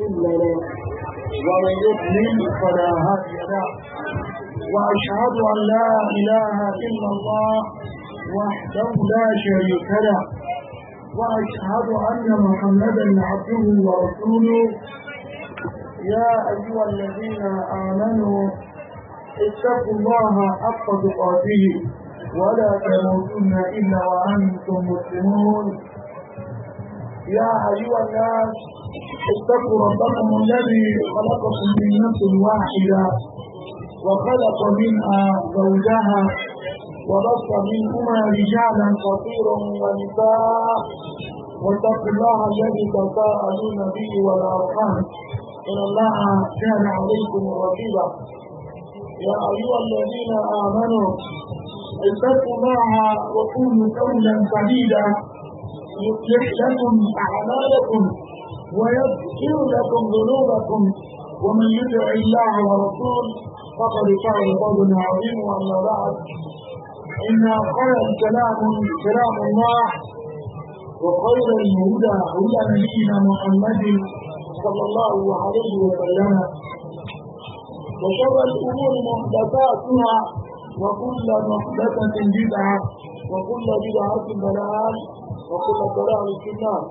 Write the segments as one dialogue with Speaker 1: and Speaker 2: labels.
Speaker 1: إلا ومن يضلل فلا هادي له واشهد ان لا اله الا الله وحده لا شريك له واشهد ان محمدا عبده ورسوله يا ايها الذين امنوا اتقوا الله حق تقاته ولا تموتن الا وانتم مسلمون يا ايها الناس اتقوا ربكم الذي خلقكم من نفس واحدة وخلق منها زوجها وبص منهما رجالا كثيرا ونساء واتقوا الله الذي تساءلون به والارحام ان الله كان عليكم رقيبا يا ايها الذين امنوا اتقوا الله وقولوا قولا سديدا يصلح لكم اعمالكم ويغفر لكم ذنوبكم ومن يطع الله ورسوله فقد فعل قولا عظيما اما بعد ان خير الكلام كلام الله وخير الهدى هدى نبينا محمد صلى الله عليه وسلم وشر الامور محدثاتها وكل محدثه بدعه وكل بدعه ضلال وكل ضلال في النار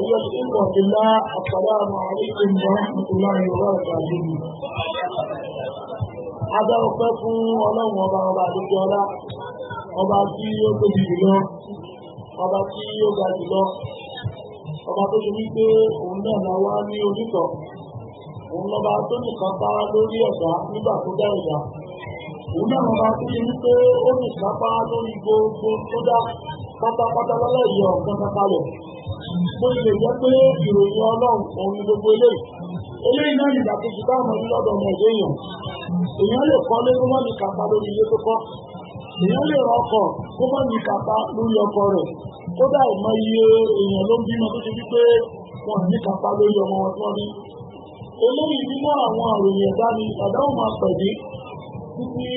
Speaker 1: أيها الإخوة في الله السلام عليكم ورحمة الله وبركاته هذا وقفكم ولو وضع بعد الجولة ọba tí ó tóbi jùlọ ọba tí ó ga jùlọ ọba tó ṣe wípé òun náà la wá ní onítọ̀ òun lọba tó nìkan bá lórí ẹ̀dá nígbà tó dá ẹ̀dá òun náà lọba tó ṣe wípé ó nìkan bá lórí gbogbo tó dá pátápátá lọ́lọ́ ìyọ̀ ọ̀kan kankalẹ̀ bó ṣe jẹ́ pé ìròyìn ọlọ́run òun ni gbogbo eléyìí eléyìí náà nígbà tó ti dáhùn ní lọ́dọ̀ ọmọ ẹ̀dẹ́ èèyàn èèyàn lè kọ́ lé kó má ní kàpá lórí ilé tó kọ́ èèyàn lè rọ ọkọ̀ kó má ní kàpá lórí ọkọ̀ rẹ̀ kódà ìmọ̀ iye èèyàn ló ń bímọ tó ti wípé wọn ní kàpá lórí ọmọ wọn tó rí eléyìí nínú àwọn àròyìn ẹ̀dá ni àdáhùn máa pẹ̀lú títí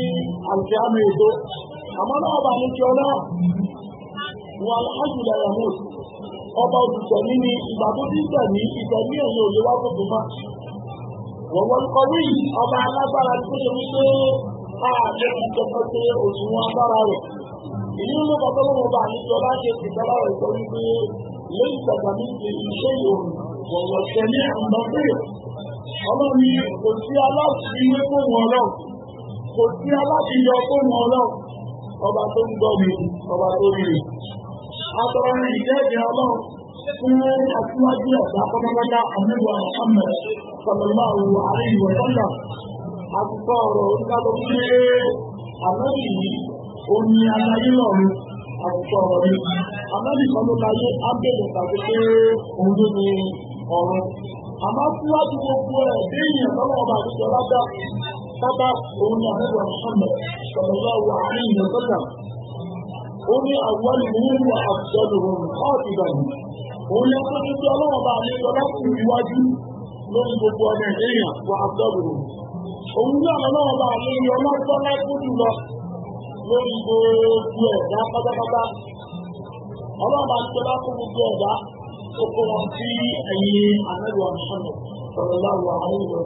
Speaker 1: àti àmì èdè àmọ́ náà bá ní kí ọlá wọn alájùlá yàmúùsù ọba olùtẹ̀mí ni ìgbà tó ti tẹ̀mí ìtẹ̀mí ẹ̀yìn òye wá gbogbo máa. Wọ̀wọ́ ikọ̀ wí ọba alágbára tó ṣe wípé láàárín ìjọba ṣe òṣùwọ̀n agbára rẹ̀. Ìyí ló bá tọ́lọ́wọ́ bá àlejò láti ìjọba rẹ̀ sọ wípé lẹ́yìn ìgbàgbà mi ti iṣẹ́ ìròyìn wọ̀wọ̀ tẹ̀mí àmọ́fẹ́. Ọlọ́run kò sí aláṣìíwé fóun ọlọ́run. Kò sí aláṣìíyọ fóun ọlọ́run. Ọba tó ń gbọ́ mi, ọba tó rí mi àtọ̀rọ̀ ní ìdẹ́ẹ̀dẹ́ ọlọ́run fún aṣíwájú ẹ̀dá pátápátá àmúwà Muhammad sallallahu alaihi wa sallam àtúntọ̀ ọ̀rọ̀ oníkàtọ̀ pé àmọ́bì yìí ó ní aláyé lọ́rùn àtúntọ̀ ọ̀rọ̀ mi àmọ́bì kan ló láyé ábẹ́lẹ̀ tàbí pé òun ló ní ọ̀rọ̀ àmọ́ síwájú gbogbo ẹ̀ déyìn ọ̀lọ́wọ́ ọba àdúgbò lágbà pápá òun ní àmúwà Muhammad sallallahu ó ní àwọn ìlú àjọlùmọ̀ ọ̀dìbà yìí òun lè kọ́ tó ọlọ́wọ́ bá lè lọ láti ìwájú lórí gbogbo ọmọ èèyàn wà àjọlùmọ̀ òun ní ọlọ́wọ́ bá lè lọ lọ́tọ́ láìpẹ́ jùlọ lórí gbogbo ẹ̀dá pátápátá ọlọ́wọ́ bá lè lọ fún gbogbo ẹ̀dá tó kó wọn sí ẹ̀yìn àmẹ́lò àmọ́nà sọ̀rọ̀ láwọ̀ àwọn ìwọ̀n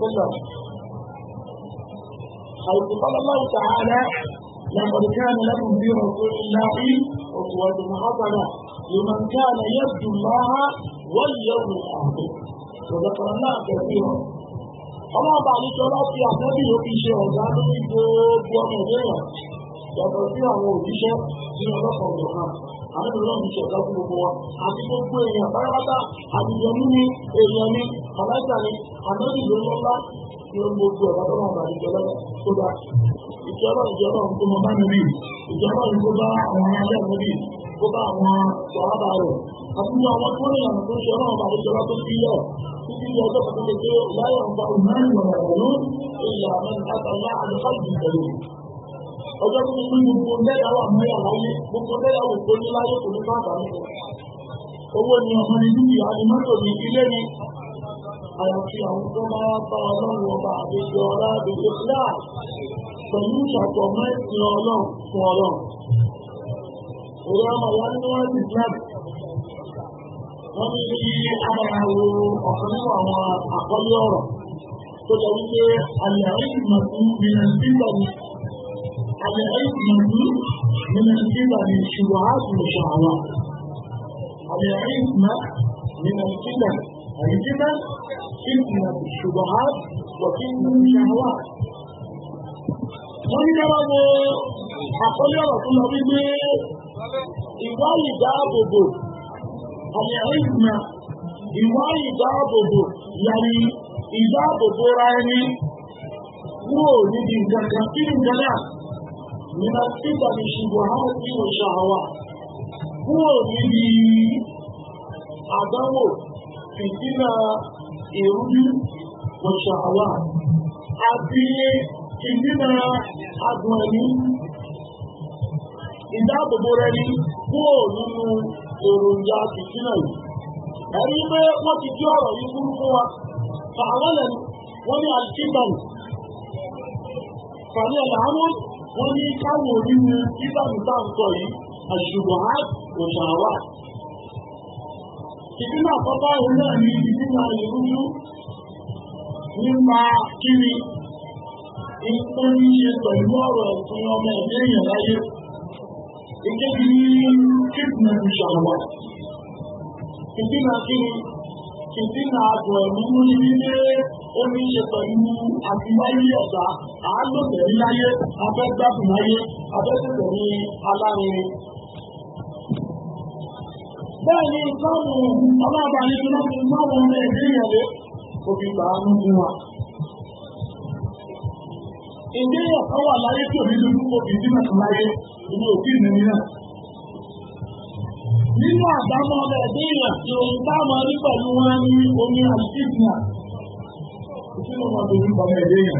Speaker 1: لقد كان لكم في رسول الله أسوة حسنة لمن كان يرجو الله واليوم الآخر وذكرنا كثيرا ọlọ́ọ̀bà àlejọ́lá fi àtẹ́bì ló fi ṣe ọ̀gá lórí gbogbo ọmọ ìbéèrè yàtọ̀ sí àwọn òjíṣẹ́ nínú ọlọ́pàá ọ̀dọ̀ náà àwọn ìrọ̀lọ́ mi ṣe ọ̀gá fún gbogbo wa àti gbogbo èèyàn pátápátá àdìyẹ mímí èèyàn mi ọ̀lẹ́jà ni àdébì ló lọ́lá tí ó gbogbo ọ̀rọ̀ tó wà bá ìjọba tó bá ìjọba ìjọba tó mọ bá níbí ìjọba ìjọba bá àwọn aṣẹ́ níbí tó bá àwọn ṣọ̀rọ̀bà rẹ̀ àti àwọn tó ní ọ̀nà tó ń ṣọ̀rọ̀ bá ìjọba tó bí lọ títí di ọjọ́ kan tó láyọ̀ ń bá ìmọ̀ràn ìwọ̀n ìlú ìyá àwọn àtàlá àdúgbò ìjọba ọjọ́ tó kú gbogbo lẹ́yàwó àmọ́yà láyé gbogbo lẹ́yàwó tó ní láyé kò ní bá àgbà owó ni ọmọ ni dúkìá ni mọ́tò ni ilé ni àyàfi àwọn tó máa wá bá ọlọ́run ọba àdéjọ ọlá àdéjọ fúláà pẹ̀lú ìṣàtọ̀ mẹ́sìn ọlọ́run fún ọlọ́run. Èrè ọmọ ìyá nínú wọn ti jẹ́ wọ́n ní ní amáyàwó ọ̀kan nínú àwọn àkọ́lé ọ̀rọ̀ tó jẹ́ wípé àyàrí ìmọ̀tú mìíràn àyàrí ìmọ̀tú mìíràn síbà ní ìṣùwà àti ìṣàwà. Àyàrí ìmọ̀ mìíràn síbà àyíkíkà فتنة الشبهات وفتنة الشهوات wọ́n ní kára wo àkọlé ọ̀rọ̀ tó lọ wípé ìwá ìdáàbòbò àmì àríyìnà ìwá ìdáàbòbò yàrí ìdáàbòbò ra ẹni kúrò níbi nǹkan kí ni nǹkan náà nínú títà àwọn tí wọ́n ṣàwà kúrò níbi àdánwò fìdínà ìrújú ọ̀ṣàwà àti ìdínà adùn ẹ̀mí ìdáàbòbò rẹ̀ ní kúrò nínú èròjà tìtínà yìí ẹ̀rí pé wọ́n ti jí ọ̀rọ̀ yìí burú fún wa fàwọ́lẹ̀ wọ́n ní alkitan fàní ẹ̀làánú wọ́n ní káwọn orí ní kíkàmù táǹkọ̀ yìí àṣùgbọ́n àṣàwà ìdínà àkọ́kọ́ òun náà ní ìdínà ìrújú nípa kíni tó ní ṣe pẹ̀lú ọ̀rọ̀ ẹ̀sìn ọmọ ẹ̀dẹ́ èèyàn láyé ìkéjì ní kíkùnà ìṣàwọ̀ ìdínà kíni ìdínà àgbọ̀ ẹ̀mú ní wípé ó ní ṣe pẹ̀lú àtiwáyé ọ̀tá àálòtẹ̀rí láyé afẹ́gbàgbù láyé afẹ́gbẹ̀rẹ̀ alárinrin bẹ́ẹ̀ ni ìtọ́nù ọlọ́ọ̀bà ní kí wọ́n fi máwọn ọmọ ẹ̀dẹ́ ìyàwó kò fi gbà á nínú wa. Ìdí ọ̀kan wà láyé tí òbí dúdú kò fi dínà tó láyé ìlú òbí mi náà. Nínú àdámọ́ ọmọ ẹ̀dẹ́ ìyà tí ohun táwọn rí pẹ̀lú wọn ní omi àlùfíìsìnà. Ìṣúná ọmọ ọdún ọmọ ẹ̀dẹ́ ìyà.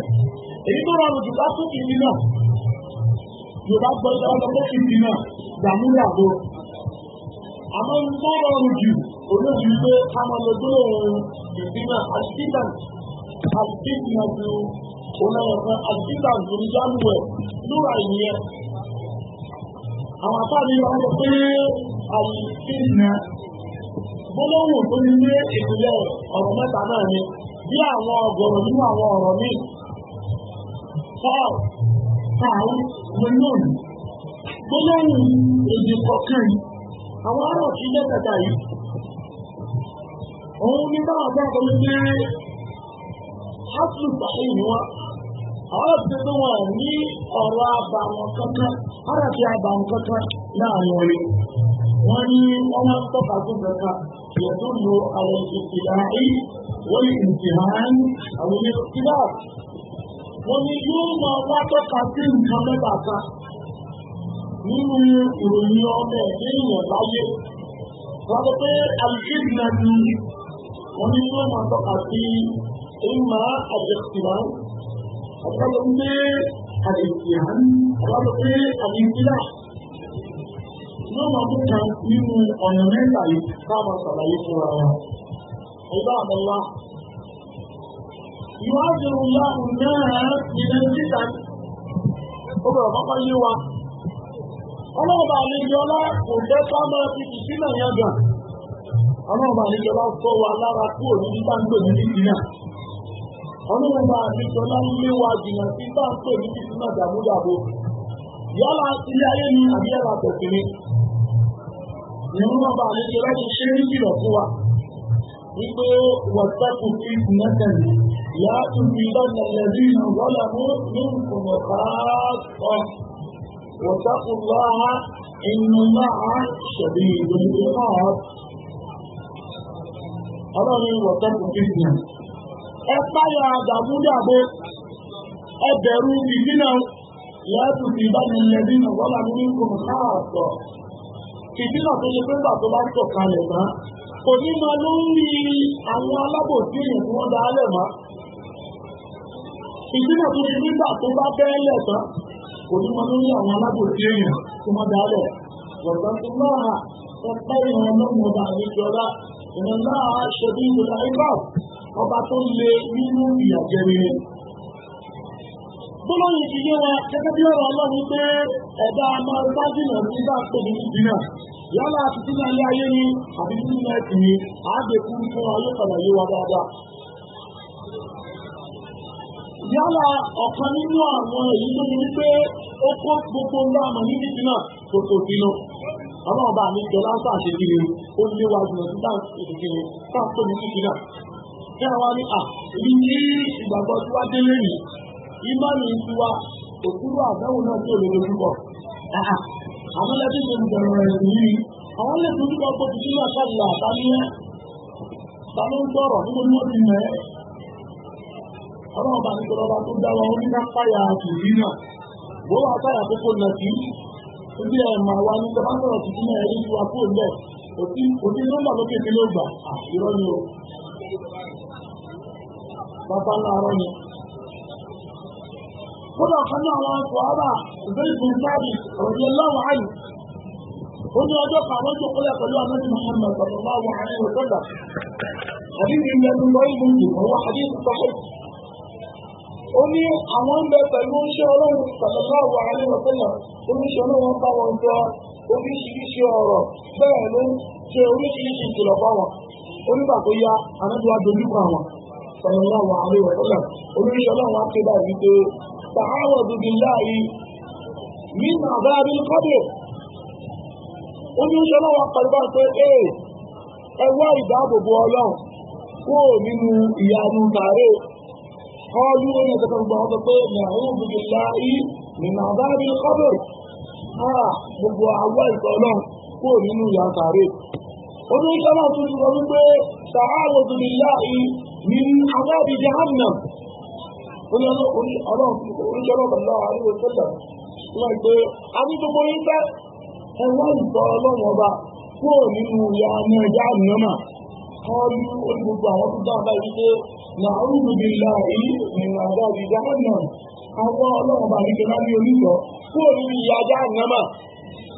Speaker 1: Èyí tó rọrùn jù bá tún kìí náà. Yorùbá gbọ́ ìdáwọ́ àmọ́ ń bá rọrùn jù olóòjì pé ká máa lọ gbé òun ìpínlẹ̀ àṣìkìtàn àṣìkìtàn ju onáyọ̀kan àṣìkìtàn tó ń jáwé lóra ìyẹn. àwọn afáàní máa ń sọ pé àṣìkìtàn gbólóhùn tó ní ní ìpínlẹ̀ ọ̀rọ̀ mẹ́ta náà ni bí àwọn ọgọ̀rọ̀ nínú àwọn ọ̀rọ̀ míì paul paul menon gbólóhùn èdè kọ̀ọ̀kan yìí àwọn ọ̀rọ̀ tí jẹ́ kẹta yìí òun ní báwọn bá kọ́ wípé hapun sàkóyè ni wọ́n àwọn ọ̀sẹ̀ tó wọ́n ní ọ̀rọ̀ àbàwọ̀n kankan ọ̀rọ̀ tí àbàwọ̀n kankan láàrin orí wọ́n ní wọ́n máa ń tọ́ka tó kankan yẹ tó lo àwọn ìsìláì wọ́n ní ìsìláì àwọn ìsìláì wọ́n ní yóò máa wá tọ́ka sí nǹkan mẹ́ta kan nínú ìròyìn ọmọ ẹ̀dẹ́ ìyẹn láyé wọ́n ti pé alìkéjìlá ni wọ́n ní tó máa tọ́ka sí ìmọ̀ àjẹsìlá ọ̀pọ̀lọpọ̀ ń gbé àjẹsìlá ọ̀pọ̀lọpọ̀ pé àjẹsìlá yóò máa tó kan nínú ọ̀nà mẹ́ta yìí ká máa fún ara wọn. Ìgbà àbọ̀lá ìwádìí ìrùlá ìrùlá ìrùlá ó bẹ̀rẹ̀ kọ́kọ́ yé wa ọlọ́ọ̀bà àlejọ́lá kò jẹ́ ká máa fi ìsínà yẹn gàn ọlọ́ọ̀bà àlejọ́lá sọ wa lára kú òní ní báńgbò ní ìsínà ọlọ́ọ̀bà àlejọ́lá ń lé wa jìnnà sí báńgbò ní ìsínà jàbújàbó yálà ilé ayé ni àbí yálà tẹ̀sí ni ìmúlọ́ọ̀bà àlejọ́lá ti ṣe é kìlọ̀ fún wa wípé wọ̀tẹ́kù fi ìmẹ́tẹ̀lì yàtúndínlọ́nà lẹ́bí ìrànlọ́lá mú ní nǹkan ọ̀tá واتقوا الله إن الله شديد العقاب ọlọ́run wọ̀tẹ́kùn fífìyà ẹ ìdínà ti ní káàtọ̀ ìdínà tó ṣe pé bá tọ̀ kalẹ̀ mọ́ máa ló ń rí àwọn dá lẹ̀ mọ́ ìdínà tó ṣe pé bá bẹ́ẹ̀ lẹ̀ kò ní wọn lórí àwọn alábòsí èèyàn tó mọ́ dálẹ̀ ọ̀tọ́tún náà ẹgbẹ́ ìran lọ́wọ́ ọba àríjọba ìran náà ṣẹbí ìlúra ibà ọba tó le nínú ìyàjẹrẹ gbólóyìn ti yé wa gẹ́gẹ́ bí ọ̀rọ̀ ọlọ́run pé ẹ̀dá máa ń bá jìnà nígbà tó ní ìdínà yálà àti sínú ayé ayé ni àbí sínú ẹ̀sìn ni àádẹ́kùn fún ayé kàlàyé wa dáadáa yálà ọ̀kan nínú àwọn èyí tó ti wípé ó kó gbogbo ńlá àmọ́ ní títí náà tó tó sínú. ọlọ́run bá mi jọ láńsà ṣe kiri ó léwájú lọ sí dáhùn ìdíkiri táà tó ní títí náà. kí àwa ní à ní ní ìgbàgbọ́ tí wàá délé yìí ìmọ̀lì ń tiwa òkúrú àdáwò náà tí ò lè lójúbọ̀. àwọn ẹbí tó ń bẹ̀rẹ̀ rẹ̀ yìí àwọn lè lójúbọ̀ pọ̀ tuntun náà ṣàlùwà àtàlẹ́ ọlọ́run bá nígbà ọba tó dá wọn ní kápáyà tìrí náà bó wà káyà kókó nà sí ibi ẹ̀ mà wá ní ìjọba sọ̀rọ̀ tuntun náà ẹni tí wà kó lẹ̀ òtí nọ́mbà lókè mi ló gbà àìrọ́ ni o bàbá ńlá arọ́ ni. kódà kan náà wọn kọ ara ìgbésùn sáàbì ọ̀rọ̀ láwọn àyè ó ní ọjọ́ kan àwọn tó kọ́lẹ̀ pẹ̀lú anájú Muhammad sallallahu alaihi wa sallam àbí ìyẹn ló lọ ìbùdó ọwọ́ àdéhùn sọ́kọ̀ ó ní àwọn ń bẹ pẹ̀lú oníṣẹ́ ọlọ́run sallallahu alaihi wa sallam oníṣẹ́ ọlọ́run bá wọn jọ oríṣiríṣi ọ̀rọ̀ bẹ́ẹ̀ ló ń ṣe oríṣiríṣi ìkìlọ̀ bá wọn onígbà tó yá anábíwá dojúkọ àwọn sallallahu alaihi wa sallam oníṣẹ́ ọlọ́run wá ké báyìí pé sàárọ̀ dùdú láàyè min àbáyé kọ́dọ̀ ó ní oníṣẹ́ ọlọ́run wá pẹ̀lú báyìí pé kọ́ọ́lù èèyàn kankan gbọ́ ọ́ pé nàìjíríà gbogbo láàyè nínú àbárí kọ́bẹ̀ ara gbogbo àwọ̀ ìtọ́ náà kó nínú ìyá sàárè oníṣẹ́ náà tún sọ wípé sàárò gbogbo láàyè ní àbárí jahannam oníṣẹ́ náà tọ̀lá àríwọ̀ sọ́jà wọ́n pé a ní gbogbo yín fẹ́ ẹ̀wọ́n ìtọ́ ọlọ́run ọba kó nínú ìyá ọmọ ẹja àníyàn náà kọ́ọ́lù onígbogbo àwọn tó dáadáa yìí nàárùn ìlà yìí ní àjọ ìjà náà àwọn ọlọ́run bá nígbà bá ní onígbọ́ kúrò nínú ìyá ajá àyàmà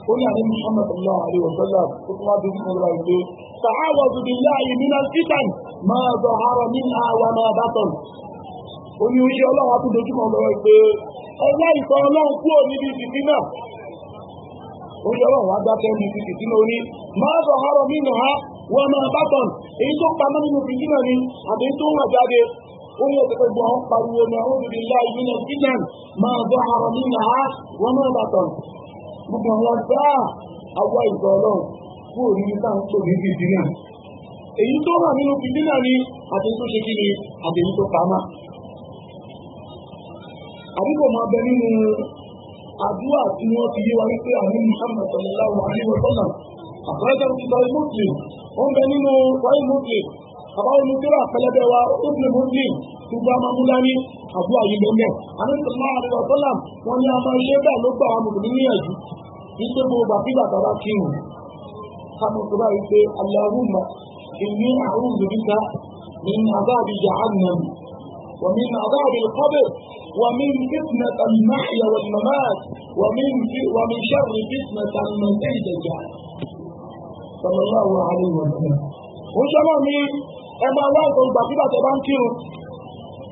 Speaker 1: ó ní àdé muhammed allah alayhi wa sallam tó tún wá bí fún ọlọ́run ìgbé sàáwọ̀ dùdú ìlà yìí nínú sítan máa bọ̀ àárọ̀ ní àwọn ọmọ bàtọ̀n ó ní oúnjẹ ọlọ́run á tún dojú lọ́wọ́ ìgbé ọlá ìtọ́ ọlọ́run kúrò níbi ìdìbí náà oúnjẹ ọlọ́run á dákẹ́ níbi ìdìbí náà ó ní máa bọ̀ àárọ̀ nínú wọ́n máa bá tọ̀ èyí tó pamọ́ nínú bìbí náà ni àbí tó wà jáde wọ́n yóò tẹ́tẹ́ gbọ́n pariwo ní àwọn òbí ilá ìlú náà sílẹ̀ máa bọ́ ara ní ìhà wọ́n máa bá tọ̀ gbogbo àwọn gbá ah, àwa ìgbà ọlọ́run kú òní ní sáà ń tò ní bìbí náà èyí tó wà nínú bìbí náà ni àti tó ṣe kí ni àti èyí tó pamọ́ àdúgbò máa bẹ nínú àdúrà tí wọ́n ti yé wa wípé àmì Muhammad sallallahu alaihi wa sallam wọ́n bẹ nínú sọ́yìn muslim bàbá wọn nítorí àpẹlẹbẹ wa ibùdó muslim gbogbo amamúlání àbú àyílẹ́mẹ̀ àdéhùn àdéhùn ọ̀tọ́là wọn ní àmọ́ ilé bẹ́ẹ̀ ló gbà wọn mùsùlùmí níyànjú nígbà mo gbà bí bàbá bá kí wọn kámi tó pé aláhùnmá ìní àrùn bìbíkà ní àbáàbí jahannam ومن عذاب القبر ومن فتنة المحيا والممات ومن ومن شر فتنة المسيح الدجال sallallahu alaihi wa sallam. ó ṣọ́nà ní ẹ máa wá ìtọ́ ìgbà kígbà tẹ bá ń kírun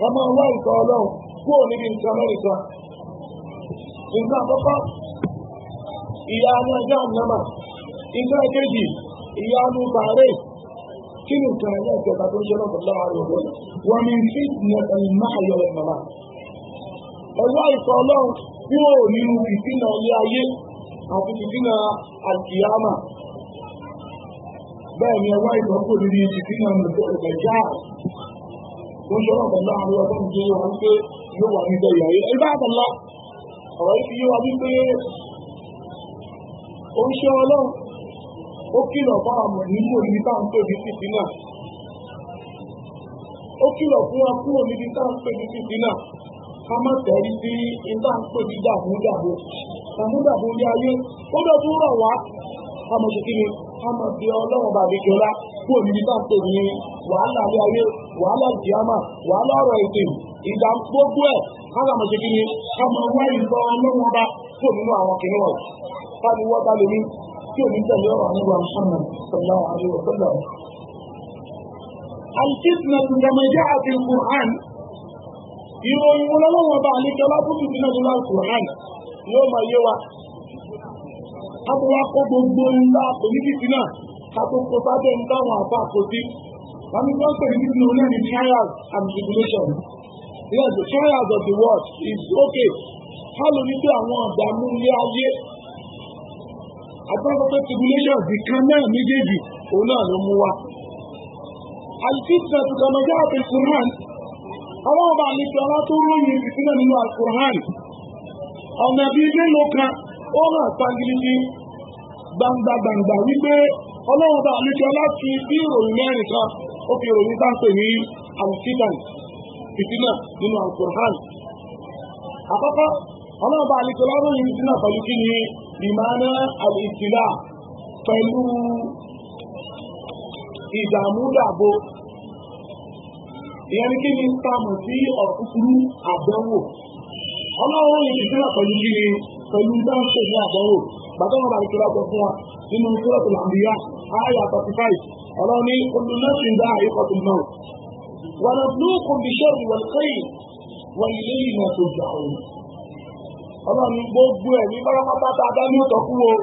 Speaker 1: ẹ máa wá ìtọ́ ọlọ́run kúrò níbi nǹkan mẹ́rin kan. nǹkan àkọ́kọ́ ìyá anájá ànámà nǹkan kejì ìyá anú bàárẹ̀ kí ni nǹkan ẹ̀yà ìjọba tó ń ṣe lọ́kọ̀ọ́ láàárín ọ̀gbọ́n wọn ni fitness and mayo ẹ̀ màmá ẹ̀wá ìtọ́ ọlọ́run kúrò nínú ìfínà ilé ayé àti ìfínà àkìyámà bẹ́ẹ̀ ni ẹwà ìtọ́kù níbi ìfihàn ìgbẹ̀já tó ń ṣọ́rọ̀ pẹ̀lú àwọn ọ̀dọ́ ìdí wọn pé yóò wà níbẹ̀ ìyàwó ẹgbẹ́ àtàlá ọ̀rọ̀ ìfi yóò wà wípé ó ń ṣe ọlọ́run ó kìlọ̀ fún àwọn nígbò níbi tá à ń pè ní fìtínà ó kìlọ̀ fún wa kúrò níbi tá à ń pè ní fìtínà ká má tẹ̀rí sí ìta ń pè ní dàmúdàbò dàmúdàbò ilé ayé ó dọ̀ tún rọ̀ wá ká ṣe kí ni kámọ̀ bí ọlọ́run bàbí jọlá kúrò níbi táǹtò ní wàhálà ní ayé wàhálà ìjìyàmà wàhálà ọ̀rọ̀ èdè ìdá gbogbo ẹ̀ kámọ̀ ṣe kí ni kámọ̀ wá ìlọ ọlọ́run ọba kúrò nínú àwọn kìnìún ọ̀rọ̀ fáni wọ́n bá lómi tí ò ní tẹ̀lé ọ̀rọ̀ nígbà mùsùlùmí sọ̀lá àríwọ̀ sọ̀lá. Àìsísìnà tó ti dín náà nínú Kùrán yóò máa kátó wá kó gbogbo ńlá oníkìtì náà kátó kó sábẹ́ ń dáwọn àbá àkọsí. Wàmí tó ń pè ní nínú náà ní trials and tribulation. Yes, the trials of the world is okay. Ká ló ní pé àwọn àdàmú ilé ayé? Àtọ́kọ́tọ́ tribulation nìkan náà méjèèjì òun náà ló mú wa. Àìsíkà tó kàn ọjọ́ àti Kùrán. Àwọn ọba àlejò alátóróyìn ìpínlẹ̀ nínú Àkùrán. Ọ̀nà bíi mélòó kan ó hàn pangiri gbangba gbangba wípé ọlọ́run bá àlejò láti bí ìròyìn mẹ́rin kan ó fi ìròyìn bá ní alfitan fitina nínú alkurhan àkọ́kọ́ ọlọ́run bá àlejò láròyìn fitina pẹ̀lú kí ni ìmáná àlìsílà pẹ̀lú ìdààmúdàbò ìyẹn ní kí ni tá a mọ̀ sí ọ̀kúkúrú àdánwò ọlọ́run pẹ̀lú pẹ̀lú dáńsẹ̀ ní àdánwò bàtà wọn bàtà ìṣẹ̀lẹ̀ ọkọ̀ fún wa nínú sọ́ọ̀tù làǹbíyá àyà thirty five ọ̀rọ̀ ní olùnàṣì ń dá àyíkọ̀ tó náà wọn lọ fún kòmíṣẹ́ ìwọ̀n kẹ́yìn wọn ilé yìí náà tó gbà wọn. ọlọ́run gbogbo ẹ̀ ní pátápátá adánú tọ́kú o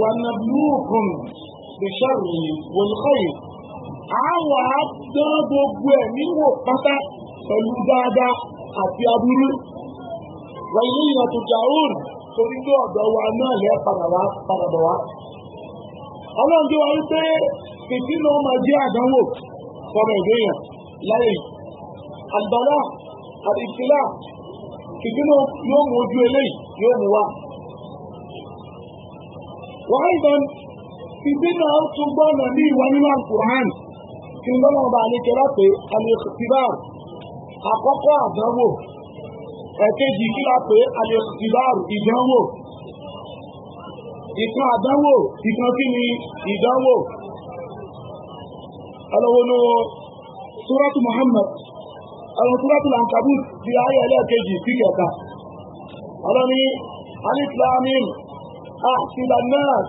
Speaker 1: wọn lọ fún kòmíṣẹ́ ìwọ̀n kẹ́yìn àwọn àdán gbogbo ẹ̀ níwò pátá pẹ̀lú dáadáa àti aburú wọ́n ilé ìyẹn tó jà òun torí pé ọ̀dọ̀ wa náà lẹ́ padà wá padà bọ̀ wá. ọlọ́run tí wọ́n rí pé kìkì náà máa jẹ́ àdánwò fọmọ ìgbéyàn láyé àgbàlá àdìsílà kìkì náà yóò mú ojú eléyìí yóò mú wá ẹ̀kejì kí a pé alẹ́sìláàrù ìdánwò ìkan àdánwò ìkan kí ni ìdánwò ọlọ́wọ́lọ́ suratu Muhammad àwọn suratu lankabut di ayé ẹlẹ́ẹ̀kejì sí kẹta ọlọ́ni alislamin ahsibannas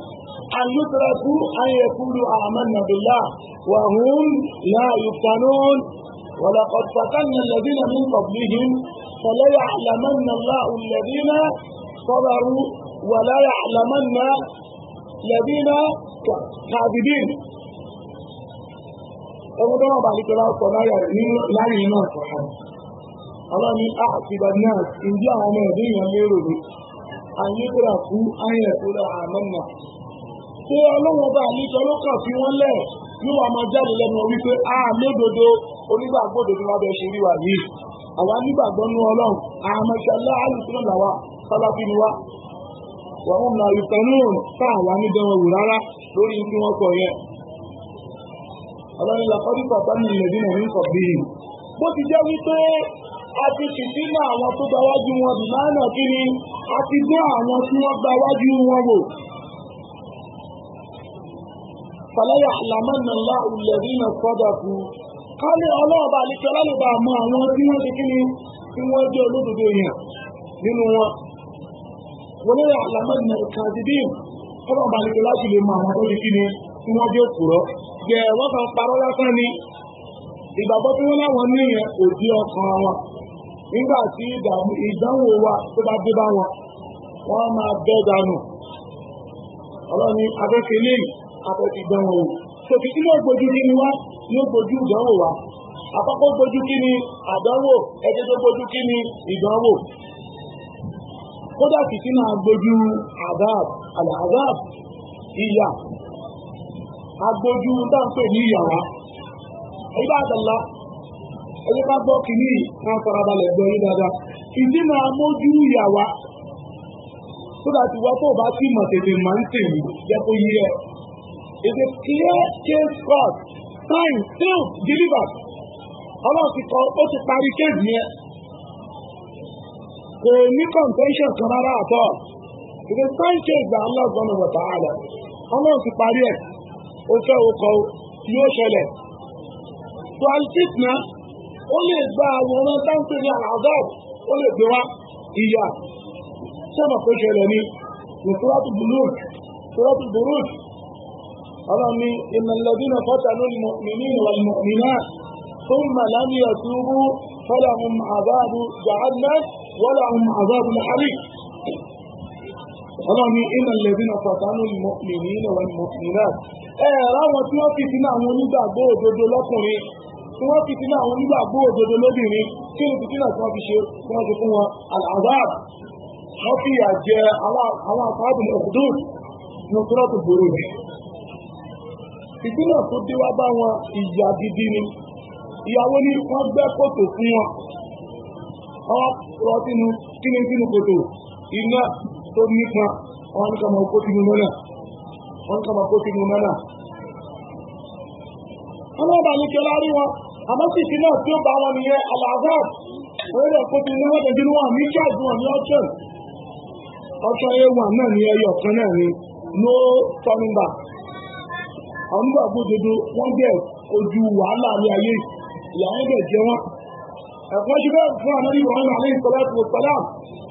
Speaker 1: an yutraku an yaqulu amanna billah wa hum la yuftanun wa laqad fatanna alladhina min qablihim فلا يعلمن الله الذين صبروا ولا يعلمن الذين كاذبين ẹgbẹ́ tó wọ́n bá nípa láàpọ̀ láàrin iná ọ̀pọ̀ aláàrin àtìbà náà ìdí àwọn ọmọ ẹ̀dẹ́ ìyàn lérò ní àyíkúrà fún ayẹ̀kúrà àmọ́nà tí ọlọ́wọ́n bá nípa lọ́kà fi wọ́n lẹ̀ yóò máa jáde lẹ́nu wípé àmẹ́dodo onígbàgbọ́dodo lábẹ́ ṣe rí yìí àwa nígbàgbọ́ nú ọlọ́run àmọ́ṣálá àlùsùn làwà sálábí ni wá wọ́n ń la ìtàn náà tá àwa nídánwò wò rárá lórí tí wọ́n sọ yẹn. ọlọ́run làkọ́jú bàbá mi ìlẹ̀dí náà ń sọ bíi bó ti jẹ́ wípé a ti ṣìṣí ní àwọn tó gba wájú wọn bì máa nà kí ni a ti gbé àwọn tí wọ́n gba wájú wọn wò. fàlàyà àlàmọ́ nàlá ìlẹ̀dí náà sọ́dọ̀ fún ká lè ọlọ́ọ̀bà àlejò ọlọ́ọ̀bà mọ àwọn tí wọ́n ti kíni tí wọ́n jẹ́ olódodo nínú wọn. àlejò láti lè mọ àwọn tó ti kíni tí wọ́n jẹ́ òkúrọ́. jẹ́ wọ́n kan parọ́ lásán ni ìgbàgbọ́ tí wọ́n láwọn níyẹn kò di ọkàn wọn. nígbà tí ìdánwò wa tó bá dé bá wọn wọ́n máa bẹ́ dànù. ọlọ́ni yóò gbójú ìdánwò wa àkọ́kọ́ gbójú kí ni àdánwò ẹjẹ́ tó gbójú kí ni ìdánwò kódà kìí máa gbójú àdáàb àdáàb ìyà agbójú dáńpẹ̀ ní ìyàwó ẹgbẹ́ àdàlá ẹgbẹ́ ká gbọ́ kìíní kan farabalẹ̀ gbọ́ yí dáadáa ìdí máa mójú ìyàwó kódà tí wọ́n tó bá tí mọ̀ tètè máa ń tèmi jẹ́ kó yí ẹ̀ èdè clear case court sign still delivered ọlọ́run ti kọ ó ti parí kéèdì yẹn kò ní convention kan rárá àtọ́ ìdè sign case by Allah subhanahu wa ta'ala ọlọ́run ti parí ẹ̀ ó fẹ́ okọ̀ yóò ṣẹlẹ̀ tó alifitna ó lè gba àwòrán dáńtò ní àlàzọ́ ó lè gbé wá ìyá sọ́mọ̀ pé ṣẹlẹ̀ ní ìfúrátù burúkú ọlọ́ni ìmọ̀lẹ́dínà fọ́tàlú mìíràn wà mìíràn fún màlámi ọ̀túnbù fọ́làhùn àbáàbù jàádá wọ́làhùn àbáàbù láàrí ọlọ́ni ìmọ̀lẹ́dínà fọ́tàlú mìíràn wà mìíràn ẹ̀rọ àwọn tí wọ́n fìtí náà àwọn onígbàgbọ́ òdodo lọ́kùnrin tí wọ́n fìtí náà àwọn onígbàgbọ́ òdodo lóbìnrin kí ni fìtí náà tí wọ́n fi ṣe tí wọ́n fi fún wọn àlàáfáà wọ́n fìyà jẹ àwọn àfáàbù ọ̀dọ́ ní ọkùnrin ọ̀tún gbòòrò rẹ̀ ìpínlẹ̀ tó dé wá bá wọn ìyà gidi ni ìyàwó ni wọ́n gbẹ́ kòtò fún wọn ọ̀rọ̀ sínú kíni sínú kòtò iná tó nípa wọn ní kàmá kó sínú mọ́nà wọn ní kàmá kó sínú mọ́nà. wọn náà bá ní kí lárí wọn àmọ́ sì sí náà tí ó bá wọn nìyẹn àlàáfáà orílẹ̀ kó ti ní wọ́n tẹ̀síwọ́ ní ṣáàjú wọn ní ọ̀ṣẹ̀ ọ̀ṣẹ̀ ewu àná ni ẹyọ kan náà ni no turning back àwọn onígbàgbọ́ òdodo wọ́n bẹ̀ ojú wàhálà ní ayé ìyàwó bẹ̀ jẹ wọn. ẹ̀kọ́ ṣe bẹ́ẹ̀ fún ànábì Ibrahim alayhi salatu wa salam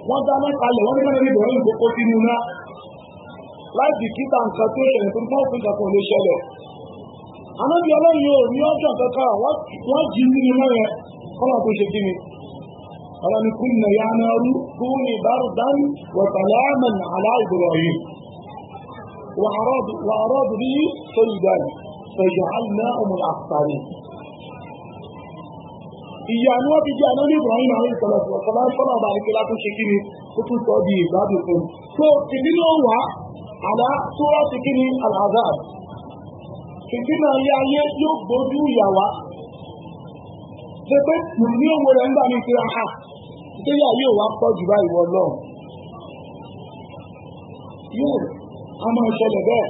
Speaker 1: wọ́n dáná kalẹ̀ wọ́n dáná ní Ibrahim kókó sínú náà láti kíta nǹkan tó ṣẹlẹ̀ tó ń bọ́ fún ìjàpọ̀ ló ṣẹlẹ̀. ànábì ọlọ́run yóò ní ọjọ́ kankan wọ́n jí nínú mẹ́rẹ̀ kọ́nà tó ṣe kíni. ọlọ́run kú ní ẹ̀yà náà rú kú ní ìbárùdán wọ̀tàlámẹ̀ aláìbọ̀rọ̀ yìí. wàhárọ̀dù bíi ṣẹ́yìnbá فجعلناهم الأخسرين ìyanu ọbí jẹ àná ní ibrahim àwọn ìsọlọsọ ọsọlá sọlá ọba àríkẹlá tó ṣe kíni tó tún sọ di ìgbádùn fún un tó ìdí náà wá àlá tó wá sí kíni alhazard ìdí náà yá ayé yóò gbójú ìyàwá ṣe pé ní owó rẹ̀ ń gbà mí kíra ha ìgbéyà yóò wá pọ̀ jù báyìí wọ lọ́ọ̀ yóò a máa ṣẹlẹ̀ bẹ́ẹ̀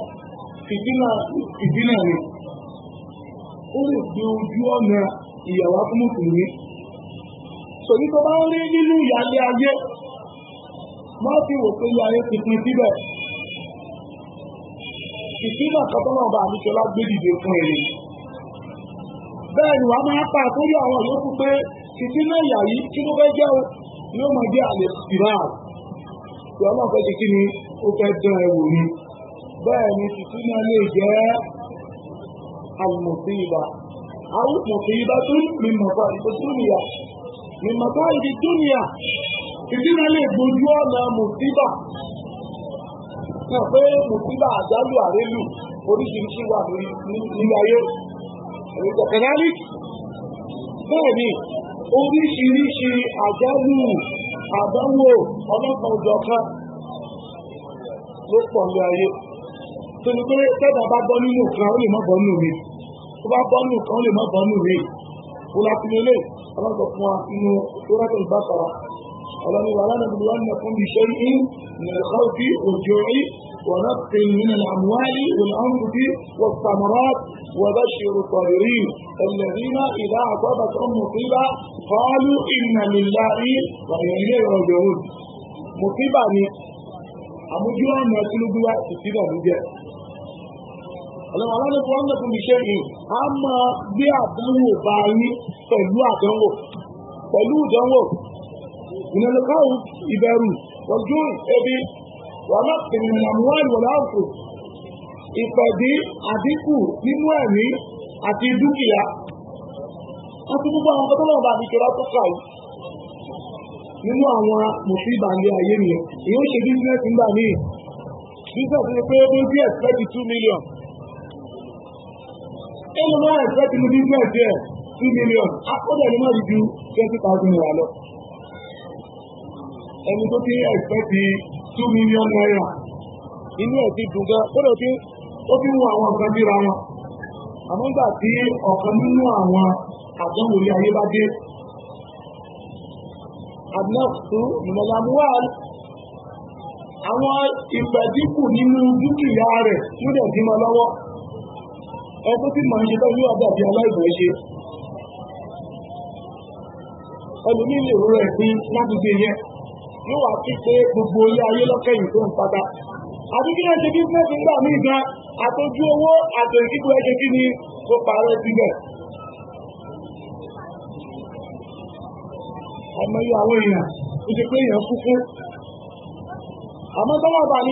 Speaker 1: fìdínà fìdínà ni ó lè gbé ojú ọ̀nà ìyàwó akúmùtùmí sòyí tó bá ń rí nínú ìyálé ayé wọ́n ti wò pé ìyá ayé ti pin síbẹ̀ ìfínà kọ́tọ́nà ọba àmìṣọlá gbé dìde fún èrè bẹ́ẹ̀ ni wàá máa pa àkórí àwọn yòókù pé ìfínà ìyá yìí kí ló fẹ́ jẹ́ o ni ó máa jẹ́ àlè ìrà àwọn ọlọ́fẹ́ ti kí ni ó fẹ́ dán ẹ wò ni bẹ́ẹ̀ ni títí náà lè jẹ́ àlùmọ̀síìbà àwùmọ̀síìbà tún ní mọ̀tọ́ ìdí dúnìyà ní mọ̀tọ́ ìdí dúnìyà títí náà lè gbójú ọ̀nà mọ̀síìbà náà pé mọ̀síìbà àjálù àrélù oríṣiríṣi wà nílé ayé ìjọkẹ̀dálì bẹ́ẹ̀ ni oríṣiríṣi àjálù àdánwò ọlọ́kan ọjọ́ kan ló pọ̀ ní ayé torí pé tẹ́gbà bá bọ́ nínú kan ó lè má bọ́ nínú mi tó bá bọ́ nínú kan ó lè má bọ́ nínú mi kó láti lè lè ọlọ́dọ̀ fún wa nínú sórẹ́tò ìbáṣọ̀rọ̀ ọlọ́ni wà lánàbí wọn nà fún mi ṣe ní nìkan bí òjò rí ونقص من الأموال والأنفس والثمرات وبشر الصابرين الذين إذا أصابتهم مصيبة قالوا إنا لله وإليه راجعون مصيبة ni àmójú ọ̀nà tí ló gbé wá ìsílẹ̀ ló jẹ́ ọlọ́run aláàbò wọn lọ́kùn mi ṣe yìí a máa gbé àdánwò bá yín pẹ̀lú àdánwò pẹ̀lú ìdánwò ìnànàká ìbẹ̀rù ọjọ́ ebi wàhálà ìrìnàmúwá ìwọ̀lá òkú ìpẹ̀dí àdínkù nínú ẹ̀mí àti dúkìá àti gbogbo àwọn tó tọ́lọ̀ bá fi ṣe látọ́ kà yìí nínú àwọn mùsùlùmí ìbànlẹ̀ ayé nìyẹn èyí ó ṣe bísíǹsì ńgbà míì bísíǹsì ni pé ó bí ẹ̀sìpẹ́kì two million ẹnu náà ẹ̀fẹ́ ti ní business yẹ two million akọ́dọ̀ ni má ju twenty thousand naira lọ. ẹni tó ti ẹ̀fẹ́ ti two million naira inú ẹ̀ ti dùn gan kódà ó ó ń àwọn nǹkan bíra wọn. àmọ́ nígbà tí ọ̀kan nínú àwọn orí ayé bá dé àwọn nínú dúkìá rẹ̀ ló ẹkún tí màá ṣe tọ́jú àbọ̀ àti aláìsàn ṣe ẹlòmí lè rọrọ ẹ̀sìn láti gbé yẹn yóò wá sí pé gbogbo ilé ayé lọ́kẹ́yìn tó ń padà àti kí náà ṣe kí fún ẹ̀sìn gbà mí gan àtọ́jú owó àtẹ̀yìn ẹ̀ṣẹ̀ kí ni kó parẹ́ síbẹ̀ àmọ́yé àwọn èèyàn ó ti pé èèyàn kúkú àmọ́ tọ́wọ́ bá ní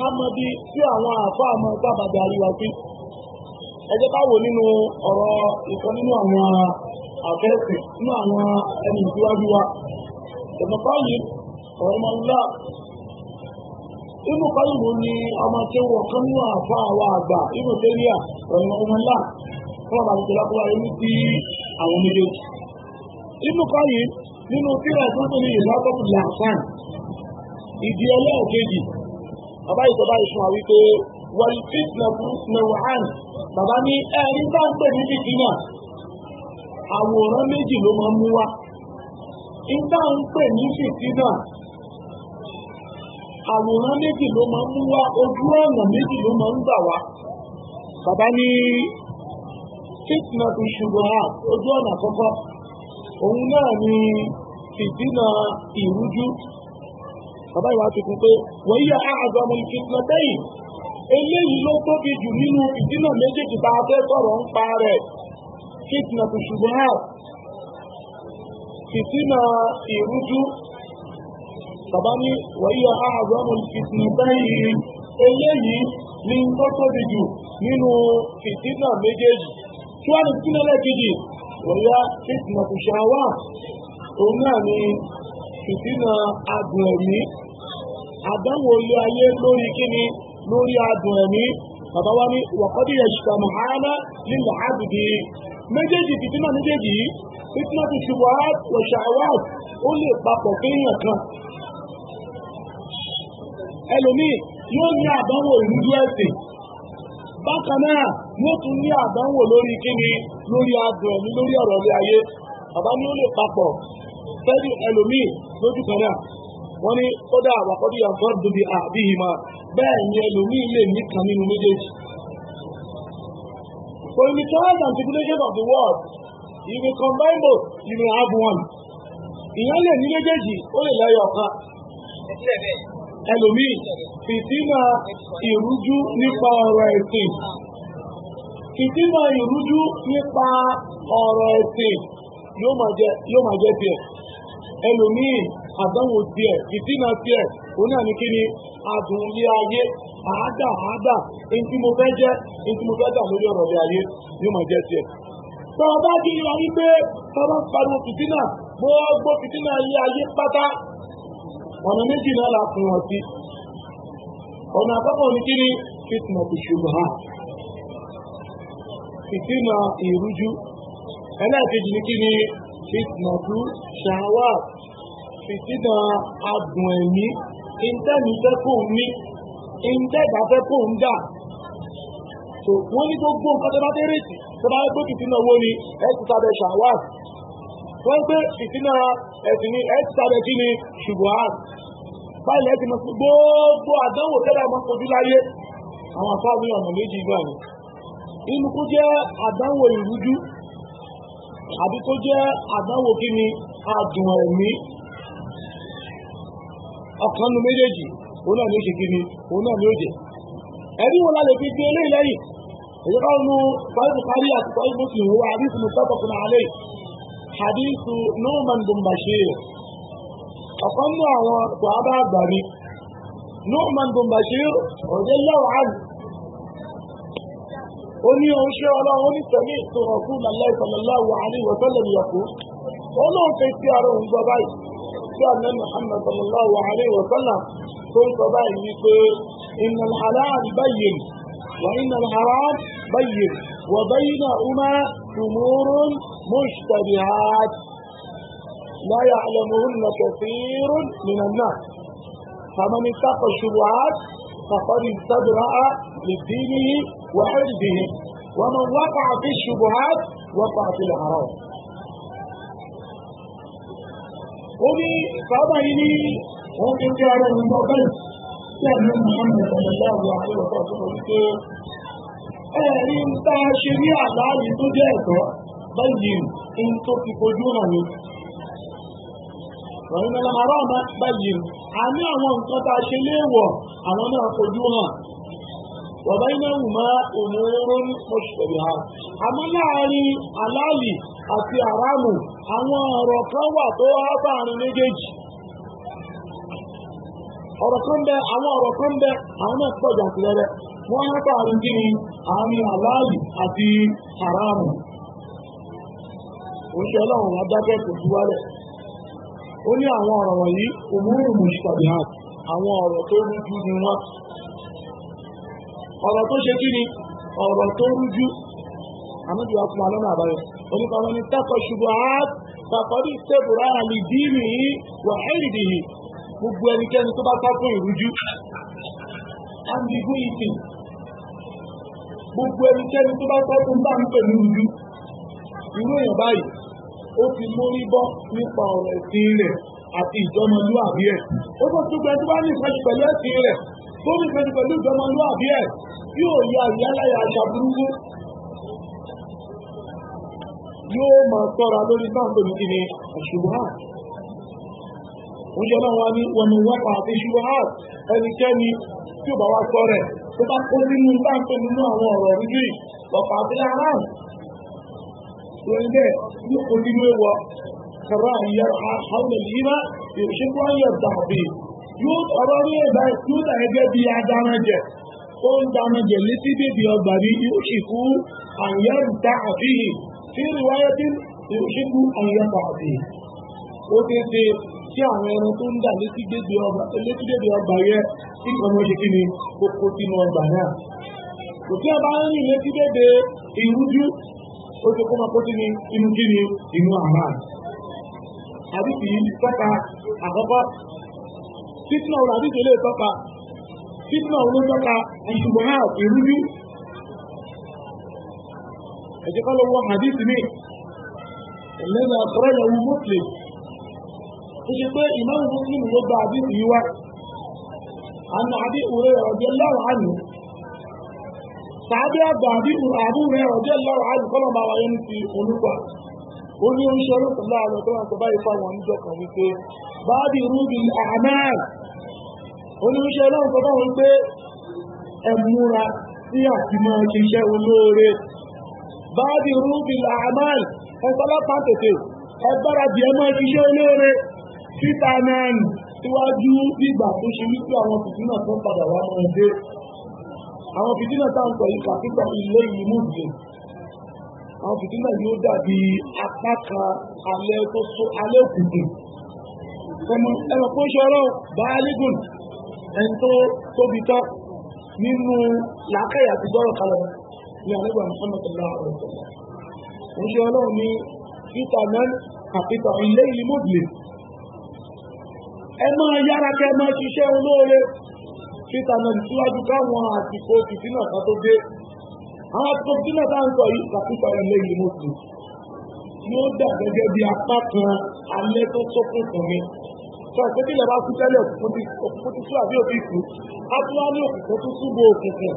Speaker 1: ká mọ bí tí àwọn àfọ àmọ́ gbàbàdà àríwá sí. ẹ jẹ́ ká wò nínú ọ̀rọ̀ ìkan nínú àwọn àfẹ́sì nínú àwọn ẹni ìsíwájú wa. ìmọ̀pá yìí ọ̀rọ̀ máa ń lá. inú kọ́lùmù ni ọmọ kéwọ́ kan nínú àfọ àwọn àgbà inú tẹ́lẹ̀ ọ̀rọ̀ ọmọ ńlá fún ọba àti ìjọba ẹni tí àwọn méjèèjì. inú kọ́ yìí nínú kíra ìtọ́jú ní ìlú àtọ́kùnrin àfáàn ìdí ọlọ́ọ̀kejì bàbá yìí tó bá ìfún wa wípé wọ́n fitna fún snowhan bàbá ní ẹni bá ń pè ní fìtínà àwòrán méjì ló máa mú wá ìgbà ń pè ní fìtínà àwòrán méjì ló máa mú wá ojú ọ̀nà méjì ló máa ń gbà wá bàbá ní fitna fún ṣubuhan ojú ọ̀nà àkọ́kọ́ òun náà ni fìtínà ìrújú bàbá ìwà tuntun pé wọ́n yíyá àgbàmù ìfìtìlọ́tẹ́yìn eléyìí ló tóbi jù nínú ìdínà méjèèjì bá a fẹ́ sọ̀rọ̀ ń pa rẹ̀ fìtìnà tó ṣùgbọ́n hàn fìtìnà ìrújú bàbá ní wọ́n yíyá àgbàmù ìfìtìlọ́tẹ́yìn eléyìí ní tó tóbi jù nínú fìtìnà méjèèjì tí wọ́n ní fìtìnà lẹ́kìdì wọ́n yá fìtìnà tó òun náà ní fìtìnà àgùn ẹ̀mí àdánwò ilé ayé lórí kíni lórí adùn ẹ̀mí bàbá wa ní wàkọ́dí ẹ̀ṣùkà mọ̀hánà nílò àbùdí méjèèjì fìtínà méjèèjì yìí fìtínà ti ṣubú àwọ̀ṣàwà ó lè papọ̀ kéèyàn kan ẹlòmíì yóò ní àdánwò ìrújú ẹ̀sìn bákan náà yóò tún ní àdánwò lórí kíni lórí adùn ẹ̀mí lórí ọ̀rọ̀ ilé ayé bàbá ní ó lè papọ̀ fẹ́ẹ́ ẹlòmíì lójú kan náà wọ́n ní kódà àwàkọ́dí àbọ̀dù bíi àbíhìmá bẹ́ẹ̀ ni ẹlòmíì lè nìkan nínú méjèèjì. So the trials and tribulations of the world, you will combine both, you will have one. Ìyẹn lè ní méjèèjì, ó lè lẹ́yọ̀ ọ̀ka. Ẹlòmíì fìtínà ìrújú nípa ọ̀rọ̀ ẹ̀sìn. Fìtínà ìrújú nípa ọ̀rọ̀ ẹ̀sìn yóò máa jẹ́ tiẹ̀. Ẹlòmíì àdánwò tiẹ̀ ìdínà tiẹ̀ òun náà ní kí ni adùn ilé ayé àádà àádà ntí mo fẹ́ jẹ́ ntí mo fẹ́ dà lórí ọ̀rọ̀ ilé ayé yóò máa jẹ́ tiẹ̀. tọ́wọ́ kí ni wọ́n rí pé tọ́wọ́ pariwo fìtínà gbogbo fìtínà ilé ayé pátá ọ̀nà méjì náà la fún wọn sí. ọ̀nà àkọ́kọ́ ní kí ni fìtínà ti ṣubú ha fìtínà ìrújú ẹlẹ́ẹ̀kejì ní kí ni fìtínà tó ṣàwáàtì fìtínà adùn ẹ̀mí ìtẹ́mi fẹ́ kó ń ní ìtẹ́gbà fẹ́ kó ń dà tó wọ́n ní gbogbo nǹkan tó bá dé rètí tó bá gbé fìtínà owó ni ẹ̀sì sábẹ̀ ṣàwà wọ́n gbé fìtínà ẹ̀sìn ni ẹ̀sì sábẹ̀ kí ni ṣùgbọ́n báyìí lẹ́sìn mọ̀ sí gbogbo àdánwò tẹ́lẹ̀ mọ́ fojú láyé àwọn àfáà ní ọ̀nà méjì gbà ní inú kó jẹ́ àdánwò ìrújú àbí kó jẹ́ àdánwò kí ni adùn ẹ̀mí ọ̀kan nu méjèèjì òun náà ni ó ṣe kí ni òun náà ni ó jẹ ẹbí wọn la lè fi gbé eléyìí lẹ́yìn èyí ká nu báyìí kárí àti báyìí bó ti wù wá àdìsí mu sábà fún alẹ́ àdìsí Nu'man bin Bashir ọ̀kan nú àwọn gbàgbà àgbà ni Nu'man bin Bashir ọ̀dẹ́ lọ́wọ́ àgbà ó ní ohun ṣe ọlọ́run ó ní tẹ̀lé ìtò ọ̀kú lálẹ́ sallallahu alaihi wa sallam yẹ̀kú ó lóun fẹ́ sí ara òun gbọ́ báyìí. ان محمد صلى الله عليه وسلم كنت باين ان الحلال بين وان الحرام بين وبينهما امور مشتبهات لا يعلمهن كثير من الناس فمن اتقى الشبهات فقد استبرا لدينه وعرضه ومن وقع في الشبهات وقع في الحرام ó ní sábà yìí ní wọ́n ti jẹ́ ara ẹni lọ́gbẹ́ tí àmì Muhammad sallallahu alaihi wa sallam sọ wípé ẹ̀rí ń tá a ṣe ní àlàyé tó jẹ́ ẹ̀tọ́ báyìí ń tó ti fojú hàn ní. Rọ̀yìn náà ará ọ̀nà báyìí a ní àwọn a ṣe léèwọ̀ àwọn náà fojú hàn. Bàbá iná wù má òmùrún mọ̀ṣẹ̀lẹ̀ ha. Àmọ́ láàárín àlàyé àti àrámù àwọn ọ̀rọ̀ kan wà tó há báàrin méjèèjì ọ̀rọ̀ kan bẹ àwọn ọ̀rọ̀ kan bẹ àwọn náà pọ̀jà sílẹ̀rẹ̀ wọ́n há báàrin kí ni àárín aláàlì àti haramu oúnjẹ ọlọ́run wá dábẹ́ kò ju wálẹ̀ ó ní àwọn ọ̀rọ̀ wọ̀nyí òmùrùmù ìpàdé hàn àwọn ọ̀rọ̀ tó rújú ni wọ́n ọ̀rọ̀ tó ṣe kí ni ọ̀rọ̀ tó rújú àmọ́jọ́ fún alọ́nà àbáyọ onípa wọn ni tákọ̀ ṣubú ààt bàbọ́dì sẹ́bùrà àlìdíìrì yìí wà ẹ̀rìdì yìí gbogbo ẹnikẹ́ni tó bá sá fún ìrújú ambigu ìsì gbogbo ẹnikẹ́ni tó bá sá fún bá ń pè ní ìrújú irú èèyàn báyìí ó ti mórí bọ́ nípa ọ̀rọ̀ ẹ̀sìn rẹ̀ àti ìjọmọlúwàbí ẹ̀ ó bọ́ tó gbẹ tó bá ní ìfẹ́jú pẹ̀lú ẹ̀sìn rẹ̀ tó ní ìfẹ́jú pẹ̀lú ìjọmọlúwàbí ẹ̀ yóò ya ìyáláyà àṣà burúkú yóò máa tọ́ra lórí táǹtò ní kíni ṣùgbọ́n oúnjẹ náà wá ní wọn ni wọ́n pa àti ṣùgbọ́n ẹnikẹ́ni tí ò bá wá sọ rẹ̀ tó bá kó nínú táǹtò nínú àwọn ọ̀rọ̀ rújú lọ́pàá àti láàrán lóńgẹ̀ ní onínú ẹwọ kẹrọ àyẹ àwọn ìlera ìṣẹ́kù ayẹ yóò tọrọ ní في رواية يحب أن يقع فيه ó ti ń ṣe kí àwọn ẹran tó ń dà létígbèdè ọgbà yẹ kí nǹkan mọ́ ṣe kí ni kókó sínú ọgbà náà kò tí a bá ń rìn létígbèdè ìrújú ó ti kó máa kó sí ni inú kí ni inú àmà àdìsí yìí tọ́ka àkọ́kọ́ títí náà ọ̀rọ̀ àdìsí olè tọ́ka títí náà olè tọ́ka ìṣùgbọ́n náà ìrújú ẹ̀jẹ̀ kọ́ ló wọ hadith mi lẹ́nu àkọ́rọ́yà wu muslim ó ṣe pé ìmáàmù muslim ló gba hadith yìí wá àna àbí òré ọ̀jẹ̀ lọ́rọ̀ àná tàbí àgbà àbí òré ọ̀jẹ̀ lọ́rọ̀ àná kọ́lọ̀ bá wáyé ẹ̀múra sí àti máa ṣiṣẹ́ olóore báàbí rúbì làmàl ẹ̀sọ́lápá tètè ẹgbára bí ẹmọ́ iṣẹ́ olóore títà náà síwájú dìgbà tó ṣe wípé àwọn fìtínà tó padà wá mọ́ dé àwọn fìtínà táǹkọ̀ yìí kàkíkọ̀ ilé yìí mú jù àwọn fìtínà yóò dàbí apá kan alẹ́ tó so alẹ́ òkùnkùn ọmọ ẹ̀rọ kó ṣọ́rọ̀ báálégùn ẹni tóbi tán nínú làákàyà ti gbọ́rọ̀ kalẹ̀ ní àlẹ́gbà muhammad allah ọ̀rọ̀sọ̀lá ń ṣe ọlọ́run ní peter nan àpítọ̀ ilé ìlú muslim ẹ máa yára kẹ máa ṣiṣẹ́ olóore peter nan síwájú káwọn àsìkò tìtínà ká tó dé àwọn àsìkò tìtínà tá à ń sọ yìí àpítọ̀ ilé ìlú muslim yóò dà gẹ́gẹ́ bí apá kan alẹ́ tó sókùn fún mi sọ pé kí lè bá kú tẹ́lẹ̀ òkùnkùn ti tú àbí òkùnkùn á tún wá ní òkùnkùn tó túbọ̀ òkùnkùn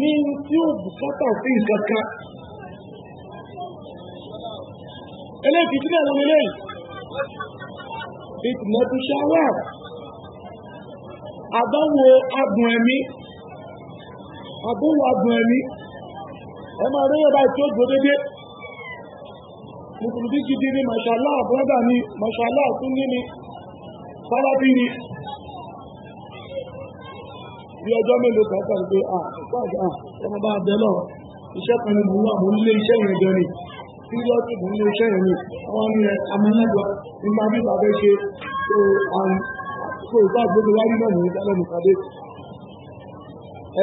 Speaker 1: ní tí ó bùkátà sí ìkankan eléyìí tí àwọn eléyìí ìtìmọ̀ ti ṣáwà àbáwo adùn ẹ̀mí àbúrò adùn ẹ̀mí ẹ máa rí ọba tí ó dédé mùsùlùmí gidi ni mashallah brother ni mashallah tún ní ni fárábí ni bí ọjọ́ mélòó kan kàn pé à pàdé à ọmọ bá bẹ lọ iṣẹ́ kan ní mo ń wà mo ń lé iṣẹ́ yẹn jọ ni tí yọ sí mo ń lé iṣẹ́ yẹn ni àwọn ni eh, amúnájọ ní máa bí bàbá ṣe tó àrùn tó ìgbà gbogbo wáyé náà nìyí dálẹ́ nìkadé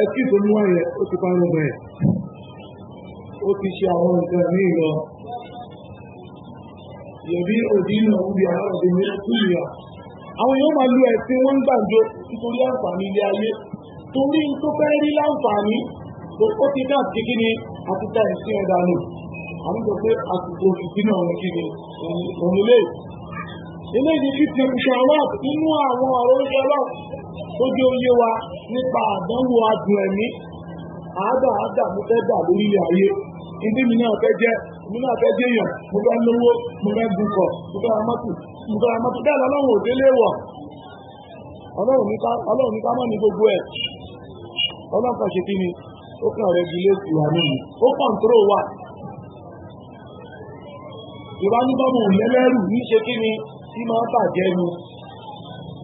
Speaker 1: ẹ kí tó mú ẹ̀yẹ ó ti parun bẹ̀rẹ̀ ó ti ṣe àwọn nǹkan ní ìlọ yẹ̀bí òdì náà ń bi àwọn ọ̀dẹ̀ ní kúlìyà àwọn yóò máa lu ẹ̀sìn wọn ń gbàgbọ́ nítorí àǹfààní ilé ayé torí tó fẹ́ rí láǹfààní ó ti dá sí kí ni àti dá ìsí ẹ̀dá nù àwọn ìjọ pé àsìkò ìdínà ọ̀rọ̀ kí ni òun lè ilé ìdíjú ti ń ṣàwọ́ nínú àwọn ọ̀rọ̀ oúnjẹ náà tó jẹ́ oyé wa nípa àdánwò adùn ẹ̀mí àádọ́ àádọ́ mo fẹ́ dà lórí ilé ayé ìdí mi náà fẹ́ jẹ́ mi náà fẹ́ jẹ́ èèyàn mo fẹ́ lówó mo fẹ́ dúkọ̀ mo fẹ́ amọ́tò mo fẹ́ amọ́tò bẹ́ẹ̀ lọ́lọ́run òdélé wọ̀ ọlọ́run ní ká mọ̀ ní gbogbo ẹ̀ ọlọ́kàn ṣe kí ni ó kàn regulate wà nìyí ó control wà ìbánidọ́mù lẹ́lẹ́rù ní ṣe kí ni tí máa ń bàjẹ́ ni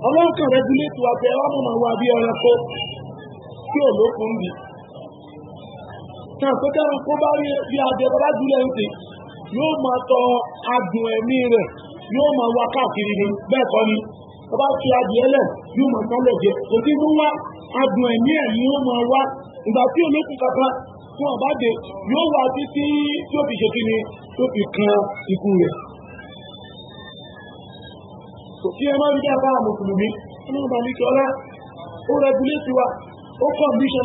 Speaker 1: ọlọ́kàn regulate wà tẹ wà mọ̀mọ́ wa bí ẹranko tí ò lókun bì náà tó dára kó bá rí bí adẹ́rọ lájúlẹ̀ ń sè yóò máa tọ adùn ẹ̀mí rẹ̀ yóò máa wá káàkiri ni bẹ́ẹ̀ kọ́ ni ọba fi adìẹ lẹ̀ yóò máa tán jẹ kò sí mú wá adùn ẹ̀mí ẹ̀ ni ó máa wá ìgbà tí olókùn kankan tí wọ́n bá dé yóò wá tí ó fi ṣe kí ni tó fi kan ikú rẹ̀. kí ẹ má rí bá mùsùlùmí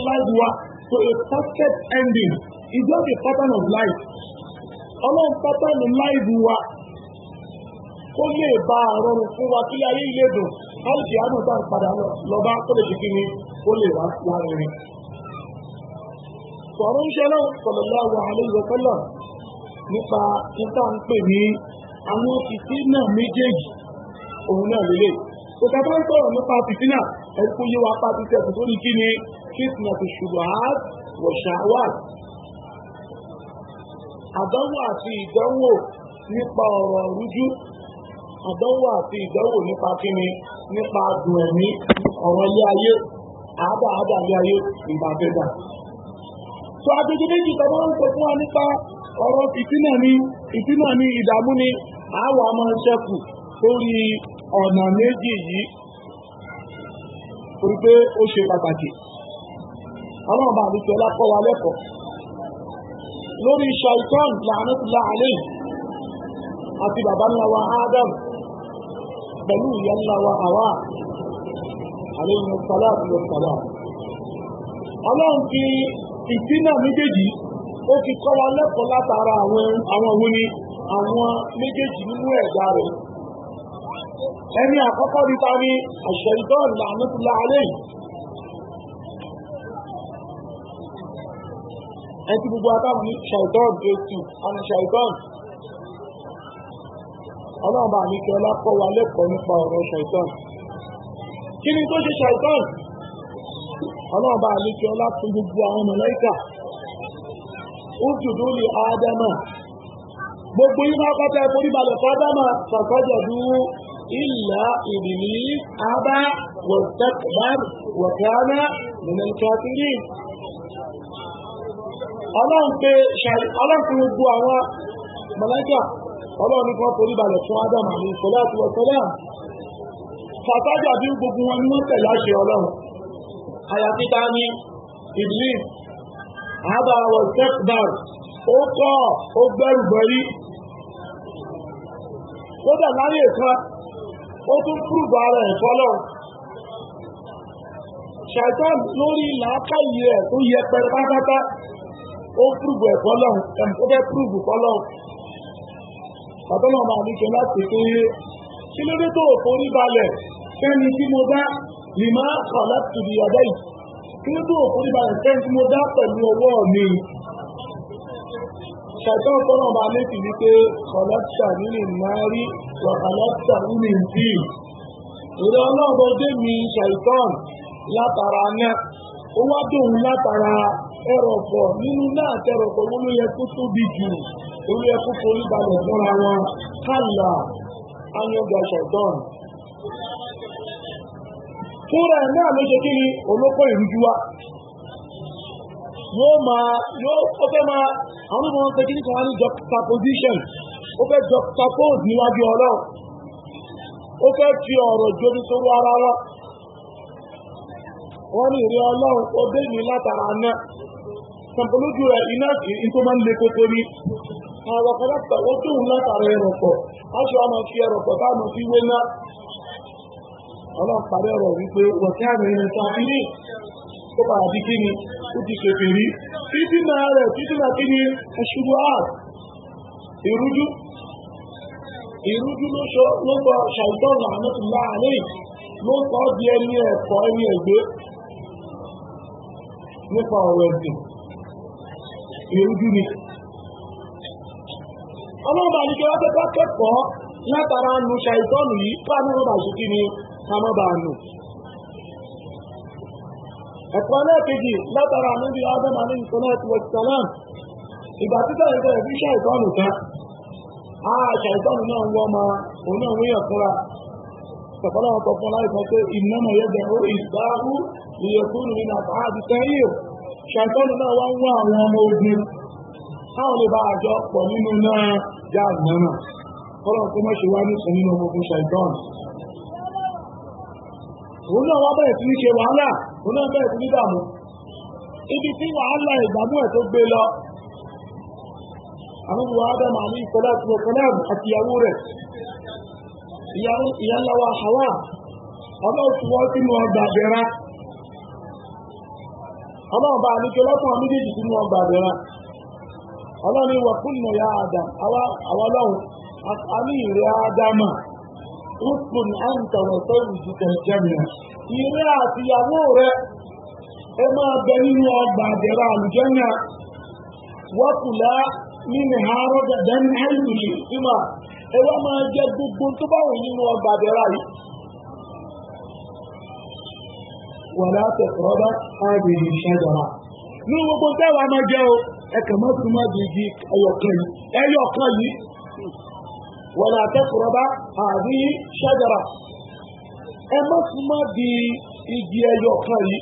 Speaker 1: bá to a perfect ending it's just a pattern of life ọlọ́run pattern of life wa kó lè bá a rọrùn fún wa kí ayé ilé dùn ó lè wá lára rẹ̀. sọ̀rọ̀ ń ṣe náà sọ̀rọ̀ lọ́wọ́ àlejò tọ́lọ̀ nípa títà ń pè ní àwọn fìtínà méjèèjì òun náà lélẹ̀. òkè tó ń sọ̀rọ̀ nípa fìtínà ẹ̀kú yí wa pa títẹ̀ tó ní kí ni fìtínà ti ṣùgbọ́n wọ̀ṣàwà. àdánwò àti ìdánwò nípa ọ̀rọ̀ rújú àdánwò àti ìdánwò nípa kíni nípa dùn ẹ̀mí ọ̀rọ̀ ilé ayé àádọ́ àádọ́ àlẹ́ ayé ìgbà àgbẹ̀dà. tó méjì ń sọ fún wa nípa ọ̀rọ̀ ìtínà ni ìtínà ni ìdààmú ni àwa máa ń ṣẹ́kù lórí ọ̀nà méjì yìí torí pé ó ṣe pàtàkì àwọn ọba àbíkẹ́ ọlákọ́ wa lẹ́kọ̀ọ́ bàbá ńlá wa Adam pẹ̀lú ìyá ńlá wa àlẹ́yìn ọ̀sálà àti ọ̀sálà. ọlọ́run fi ìtínà méjèèjì ó fi kọ́ wa lẹ́kọ̀ọ́ látara àwọn àwọn òun ni àwọn méjèèjì nínú ẹ̀dá rẹ̀. ẹni àkọ́kọ́ ní ta ni àṣẹ ìdọ́ọ̀lù làánúkúlá àlẹ́yìn. ẹtí gbogbo atáwọn ní ṣàìtọ́n tó tù àwọn ṣàìtọ́n ọlọ́ọ̀bà àníkẹ́ ọlá kọ́ wa lẹ́kọ̀ọ́ nípa ọ̀rọ̀ ṣàìtọ́n kí ni tó ṣe ṣàìtàn ọlọ́ọ̀bá àlejò ọlá fún gbogbo àwọn mọ̀lẹ́kà ó dùdú lè ádámà gbogbo iná pátá ẹ̀kọ́ níbalẹ̀ fádámà fàkọ́jọ̀dú ìlà ìrìlí ábá wọ̀tẹ́kùbár wọ̀kánà nìmẹ̀kàtìrì ọlọ́nkùn gbogbo àwọn mọ̀lẹ́kà ọlọ́ọ̀nìkan foríbalẹ̀ fún ádámà ní sọlá àti wọ̀sọlá fàtàjà bí gbogbo wọn ni wọ́n tẹ̀lé àṣẹ ọlọ́run àyàfi ta ni Iblis àbáwọ̀ tekbar ó kọ́ ó gbẹ́rù gbẹ́rí kódà láyé kan ó tún púrùbù ara ẹ̀ fọ́lọ́ ṣàìtàn lórí làákàyè ẹ̀ tó yẹ pẹ̀lú pátápátá ó púrùbù ẹ̀ fọ́lọ́ ó fẹ́ púrùbù fọ́lọ́ bàbá náà máa ní kí láti tó kí ló dé tó òfò orí balẹ̀ sẹ́ni tí mo dá lè máa kọ̀ láti di ọ̀dọ́ yìí kí ló tó òkú nípa sẹ́ni tí mo dá pẹ̀lú ọwọ́ mi. ṣàtọ́ ọ̀pọ̀lọ́ ọba létí wípé kọ̀lọ́tà nínú ìmárí wà kọ̀lọ́tà nínú ìdí. ìrọ̀ ọlọ́ọ̀bọ dé mi ṣàìtàn látara náà ó wá dòun látara ẹrọ̀fọ̀ nínú náà tẹrọ̀fọ̀ wọn ló yẹ kó tóbi jù ló yẹ kó forí balẹ̀ fúnra wọn kálà ányọ́gbà ṣàìtàn. fúnra ẹ̀ náà ló ṣe kí ni olóko ìrújú wa yóò máa yóò ó fẹ́ máa àwọn ọmọ ọmọ fi ọ̀rọ̀ jóni sórí ara wọ́n ní ìrí ọlọ́run ó dé ní látara náà rẹ̀ iná máa ń le koko ní àwọn ó tóun látara ẹ̀rọ̀pọ̀ aṣọ ọlọ́run parí ọ̀rọ̀ wípé wọ̀kí àmì ẹni tó àbí ní tó padà bí kíni ó ti ṣèpè rí títí náà rẹ̀ títí náà kíni ṣubú áàt ìrújú ìrújú ló sọ ló gbọ́ ṣàìtàn làánàtúlá àlẹ́ ló sọ ọ́ di ẹni ẹ̀kọ́ ẹni ẹ̀gbẹ́ nípa ọ̀rọ̀ ẹ̀sìn ìrújú ni ọlọ́run bá ní kí wọ́n fẹ́ kọ́ kẹ́kọ̀ọ́ látara nu ṣàìtàn yìí káàmì ọ̀rọ̀ àṣìkí ni ká má bàa nù. ẹ̀kọ́ ẹlẹ́ẹ̀kejì látara níbi ádámù alayhi salatu wa salam ìgbà títà ìgbà ẹ̀bí ṣàìtọ́nù ká á ṣàìtọ́nù náà ń wọ́n ma òun náà wíyàn fúnra sọ̀kọ́lá wọn kọ̀ọ̀kan láì sọ pé ìnáwó yẹ́dẹ̀ ó ìgbáhú ìyẹ̀kúrú nínú àbáàdì sẹ́yìn ṣàìtọ́nù náà wá ń wá àwọn ọmọ ogun táwọn lè bá àjọ pọ̀ nínú náà já àgbọ̀nà kọ́lọ̀ òun náà wá bẹ̀rẹ̀ sí ní ṣe wàhálà òun náà bẹ̀rẹ̀ sí ní dààmú ibi tí wàhálà ìgbàmú ẹ̀ tó gbé lọ àwọn ìwà ádámù àmì ìsọlá àti ọ̀sánàmù àti ìyàwó rẹ̀ ìyá ńlá wa Hawa ọlọ́run ti wọ́n sínú ọgbà àbẹ̀rà ọlọ́run bá àníkẹ́ lọ́kùn àwọn méjèèjì sínú ọgbà àbẹ̀rà ọlọ́run wọ̀ fún ìmọ̀ ya Adam àwa ọlọ́run a ìrẹ́ Ádámà rúkùn àǹtà wọ̀tọ́ ìjìkà jẹ́mìnà ìrẹ́ àti ìyàwó rẹ̀ ẹ máa bẹ nínú ọgbà àdẹ̀rà àlùjẹ́nà wọ́kùlá nínú àárọ̀ dẹ̀dẹ̀ ní ẹ̀lùmí ìmọ̀ ẹ wá máa jẹ gbogbo tó bá wù nínú ọgbà àdẹ̀rà yìí. wàlá tẹ̀kọ̀rọ̀bá àgbègbè ìṣẹ́jọba ní gbogbo tẹ́wà máa jẹ́ o ẹ̀kẹ́ mọ́tò má di di ẹyọ̀kan yìí ẹyọ̀kan yìí wàlá tẹ̀kọ̀rọ̀bá àbí ṣájára ẹ má tún má di igi ẹyọ kan yìí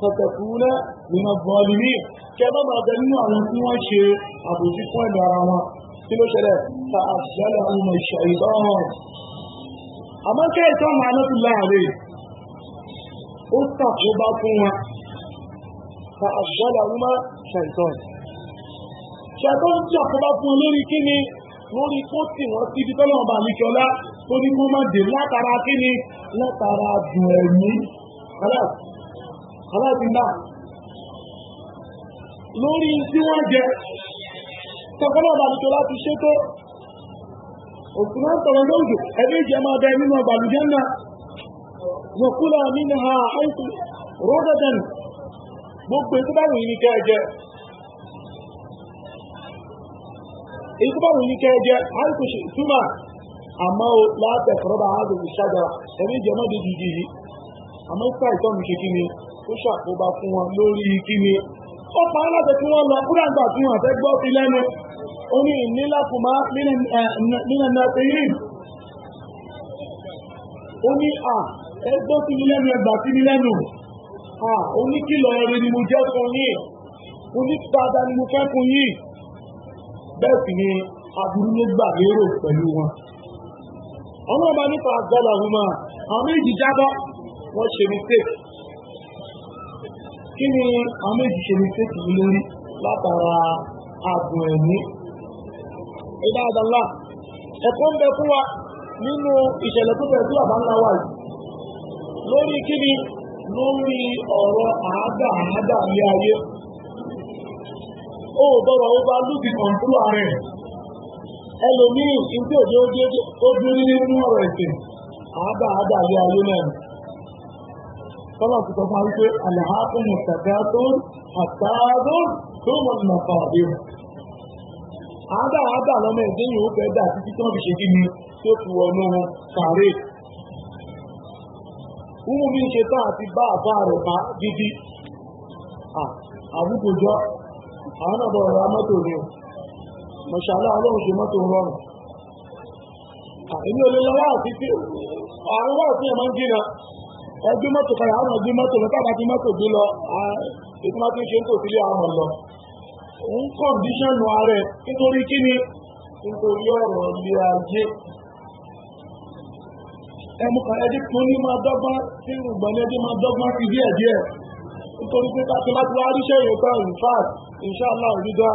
Speaker 1: pàtàkì wúlẹ̀ nínú bọ́ọ̀lì ní kẹ bá máa bẹ nínú àwọn tí wọ́n ṣe àbòsí fún ẹ̀dọ̀ ara wọn kí ló ṣẹlẹ̀ ta àṣìṣẹ́lẹ̀ ọmọ ìṣàìdán àmọ́ kẹ́ ìtọ́ máa lọ́tù láàrin ó tàkóbá fún wọn ta àṣìṣẹ́lẹ̀ ọmọ ìṣàìdán ṣàtọ́ ń tàkóbá fún lórí kí ni lórí kó tì wọ́n síbi tọ́lọ́wọ́n bá mi jọlá tó ní kó má dé látara kí ni látara dùn ẹ̀mí aláàbíná lórí tí wọ́n jẹ tọ́lọ́wọ́n bá mi jọlá ti ṣètò òkúná tọ̀rọ̀ lóòjò ẹbí ìjẹ máa bẹ nínú ọgbàlùjẹ́ náà wọ́n kúlọ̀ nínú ha àìsàn rọ́dọ̀dẹ̀nù gbogbo ètò yìí ní kẹ́ ẹ jẹ́ èyí tó bá wù yí kẹ́ ẹ jẹ́ àìkùsì túmọ̀ àmọ́ o láti ẹ̀kọ́ bá a lòdì ṣáájà ẹ̀mí ìjẹ́ náà dídì yìí àmọ́ ìta ìtọ́ mi ṣe kí ni ó ṣàkóbá fún wọn lórí kí ni ó pa aláṣẹ tí wọ́n lọ kúrò àgbà tí wọ́n fẹ́ gbọ́ sí lẹ́nu ó ní ìnílákùnmá nínú nàìjíríà ó ní à ẹgbọ́ sí mi lẹ́nu ẹgbà sí mi lẹ́nu à oníkìlọ̀ ẹ̀rí ni mo jẹ́ fún yìí oníkìlọ̀ dáadáa ni mo fẹ́ fún yìí bẹ́ẹ̀ sì ni aburú ló gbà lérò pẹ̀lú wọn. ọmọ ọba nípa àgbàlá ọmọ àwọn méjì jábọ́ wọ́n ṣe mistake. kí ni àwọn méjì ṣe mistake yìí lórí látara àgùn ẹ̀mí? ìdá àdàlá ẹ̀kọ́ ń bẹ fún wa nínú ìṣẹ̀lẹ̀ tó bẹ̀rẹ̀ sí bàbá ńlá wa yìí lórí kí ni lórí ọ̀rọ̀ àádọ́ àádọ́ ilé ayé ó bọ́rọ̀ ó bá lùbì kọ̀ǹtú ààrẹ ẹlòmíì ìdí òjò ó dúró nínú ọ̀rọ̀ ìsìn àádá àádá ayé ayé náà tọ́lá ti sọ fún wa wípé àlàáfíà ní ìtàgá tó àtàádó tó mọ̀ nínú ọ̀pá ọ̀dẹ́ àádá àádá lọ́mọ ẹ̀dẹ́ yìí ó fẹ́ dà títí tí wọ́n fi ṣe kí ni tó fi wọnú sàárè wúwo mi ṣe tá àti bá àbá rẹ̀ bá gidi àbúkòjọ́ àwọn ọ̀dọ̀ ọ̀rọ̀ mọ́tò ni o mọ̀ṣálá ọlọ́run ṣe mọ́tò rọrùn èmi ò lè lọ́wọ́ àti tí àrùn wà sí ẹ̀mọ́ ń gíra ẹgbẹ́ mọ́tò kan àwọn ọ̀gbẹ́ mọ́tò lọ́tà bá ti mọ́tò gbé lọ ètò máa ti ń ṣe ń tò sílé àwọn lọ ń kọ̀ǹdíṣọ̀nù ààrẹ nítorí kí ni nítorí ọ̀rọ̀ ilé ajé ẹmu kan ẹdí inshallah rídọ́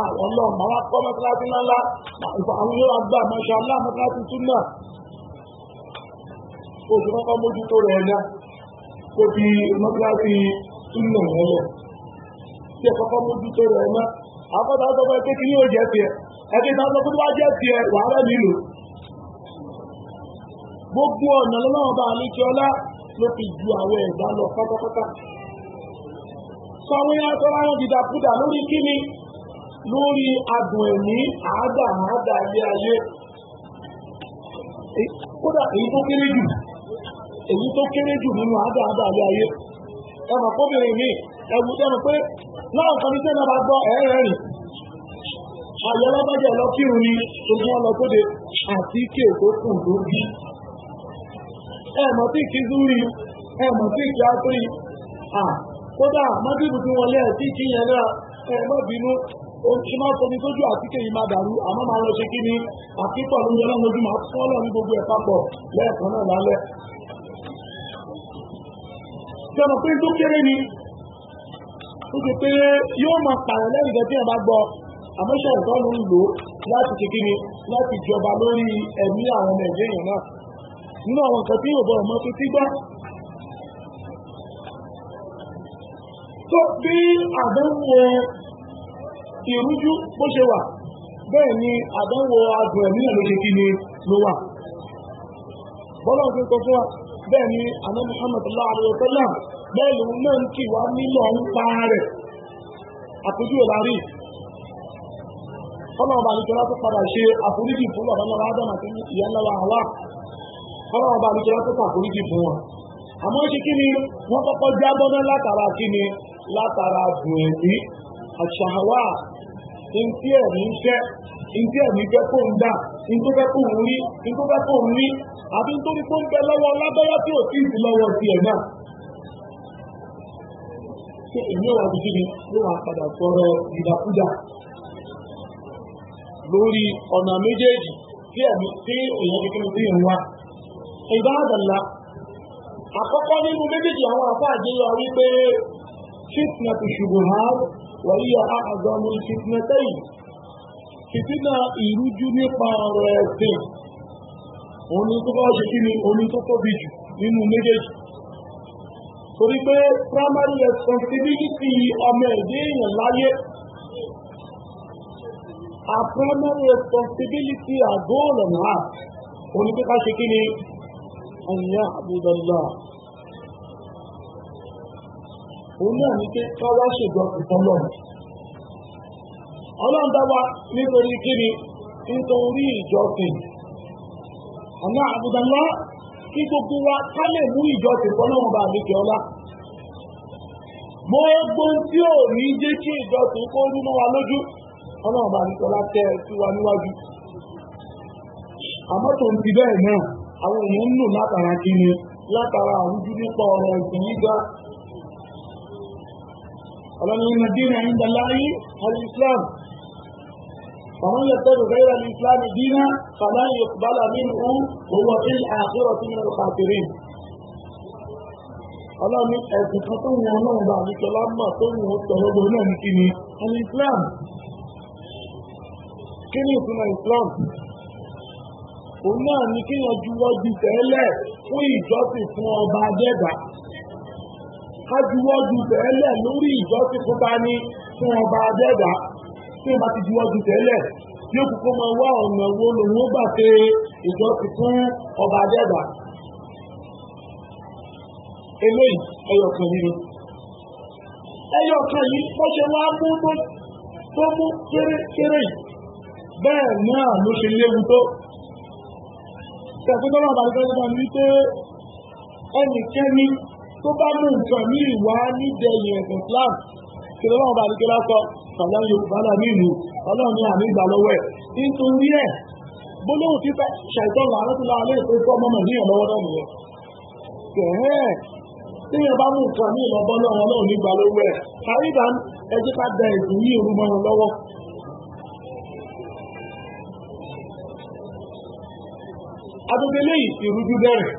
Speaker 1: ah, ọlọ́run máa wá kọ́ mọ́sálásí ńláńlá àwọn yóò wá gbà mashallah mọ́sálásí tún náà oṣù kọ́kọ́ mójútó rẹ̀ ọjà kó fi mọ́sálásí tún náà wọ́n lọ tí ẹ kọ́kọ́ mójútó rẹ̀ ọmọ àkọ́tà sọ pé kékeré yóò jẹ́ tiẹ̀ ẹ̀kí náà sọ pé wá jẹ́ tiẹ̀ wàhálà nílò gbogbo ọ̀nà lọ́wọ́ bá àlejò ọlá ló fi ju àwọn ẹ̀dá lọ pátápátá sọ̀rọ̀ yẹn sọ̀rọ̀ àwọn dìdàkudà lórí kíni lórí adùn ẹ̀mí àádáàmàádà ilé ayé kódà èyí tó kéré jù èyí tó kéré jù nínú àádáàmàádà ayé ẹmọ̀ kóbìnrin mi ẹ̀wù pé náà kan ní bá gbọ́ ẹ̀rẹ́ rìn àyẹ̀ lọ́gbàjẹ́ ni ogun àti èkó kù kódà mọ́gìrìbù tí wọlé ẹ̀ sí kíyàn náà ẹ má bínú ìmọ̀ fomi sójú àti kéyìn máa dàrú àmọ́ máa lọ ṣe kí ni àkíkọ̀ ló ń yọlá lójú máa fún ọ́lọ́ ní gbogbo ẹ̀ papọ̀ lẹ́ẹ̀kan náà lálẹ́. sọ̀rọ̀ pé tó kéré ni ó ti pé yóò máa pààyàn lẹ́yìn ìgbà tí ẹ̀ bá gbọ́ àmọ́ ṣàǹtọ́ ló ń lò láti ṣe kí ni láti jọba lórí ẹ̀mí àwọn ọmọ ẹ̀jẹ̀ yẹn náà nínú àwọn nǹkan tí yóò bọ̀ ọmọ tó ti gbọ́ tó bí àdánwò ìrújú bó ṣe wà bẹ́ẹ̀ ni àdánwò adùn ẹ̀mí náà ló ṣe kí ni ló wà bọ́lá ń kọ́ fún wa bẹ́ẹ̀ ni àná Muhammad láàrin náà bẹ́ẹ̀ lòun náà ń kì wá nílò ń pa rẹ̀ ìlàrí tó padà ṣe àforíjì fún bàbá náà ìyá náà tó fún wọn àmọ́ ṣe kí ni wọ́n kọ́kọ́ jábọ́ náà látara kí ni látara bùrẹ̀mí àṣàwà ntí ẹ̀mí fẹ́ ntí ẹ̀mí fẹ́ kó ń dà ntó fẹ́ kó ń rí ntó fẹ́ kó ń rí àbí nítorí kó ń bẹ lọ́wọ́ lábẹ́rẹ́ tí ò tí ì sí lọ́wọ́ tiẹ̀ náà. ṣé èmi ní kíni ló wà padà sọ̀rọ̀ ìdàkúdà lórí ọ̀nà méjèèjì tí ẹ̀mí tí فتنة الشبهات وهي أعظم الفتنتين فتنة ìrújú nípa ọ̀rọ̀ ẹ̀sìn òní tó bá ṣe kí ni òní tó tóbi jù nínú méjèèjì torí pé primary responsibility ọmọ ẹ̀dẹ́ èèyàn láyé a primary responsibility àgọ́ ọ̀nà náà òní tó ká ṣe kí ni ẹ̀yà àbúdọ̀lá òun náà ní pé kọ́ wá ṣèjọ ìfọ́lọ́ ọlọ́run dá wa nítorí kíni nítorí ìjọsìn àmọ́ kí gbogbo wa ká lè mú ìjọsìn fọlọ́run bá mi ọlá gbogbo tí ò ní jẹ́ kí ìjọsìn kó rí mọ́ wa lójú ọlọ́run bá bẹ́ẹ̀ náà àwọn èèyàn ń látara látara nípa ọ̀rọ̀ ọlọ́ni madina inda Allahi al-islam فمن يتبع غير الاسلام دينا فلن يقبل منه وهو في الاخره من الخاسرين ọlọ́run ní ẹ̀sìn kan tó wọn náà bá àdìsọ lámà tó wọn tọ̀lọ́gbọ̀ náà ní kí ni ẹni islam kí ni ìtumọ̀ islam òun náà ní kí yẹn juwọ́ ju tẹ́lẹ̀ fún ìjọsìn fún ọba adẹ́gbàá kájúwọ́jú tẹ́lẹ̀ lórí ìjọsìn fún bá ní fún ọba adẹ́dà tí wọ́n bá ti juwọ́jú tẹ́lẹ̀ tí ó kúkọ́ máa wá ọ̀nà wo lòun ó gbà pé ìjọsìn fún ọba adẹ́dà. eléyìí ẹyọkan yìí ẹyọkan yìí wọ́n ṣe wá mú tó mú kéré yìí bẹ́ẹ̀ náà ló ṣe léwu tó. Ṣé àtúntò náà bá ń ń wí pé ẹnikẹ́ni tó bá mú nǹkan ní ìwà nídẹ̀yìn ẹ̀sìn Islam kí lọ́wọ́ bá ní kí lásọ sàlẹ̀ yorùbá náà ní ìlú ọlọ́run ní àmì ìgbà lọ́wọ́ ẹ̀ nítorí ẹ̀ gbólóhùn títà ṣàìtàn làárọ̀ tó láwọn lẹ́yìn tó kọ́ ọmọ mọ̀ níyàn lọ́wọ́ náà nìyẹn. kẹ̀hẹ́n tí yẹn bá mú nǹkan ní ìlọ́bọ́ náà ọlọ́run ní lọ́wọ́ ẹ̀ àrídà ẹ ká da ẹ̀sùn yí òru mọ́ràn lọ́wọ́. agbègbè lẹ́yìn ìrújú bẹ̀rẹ̀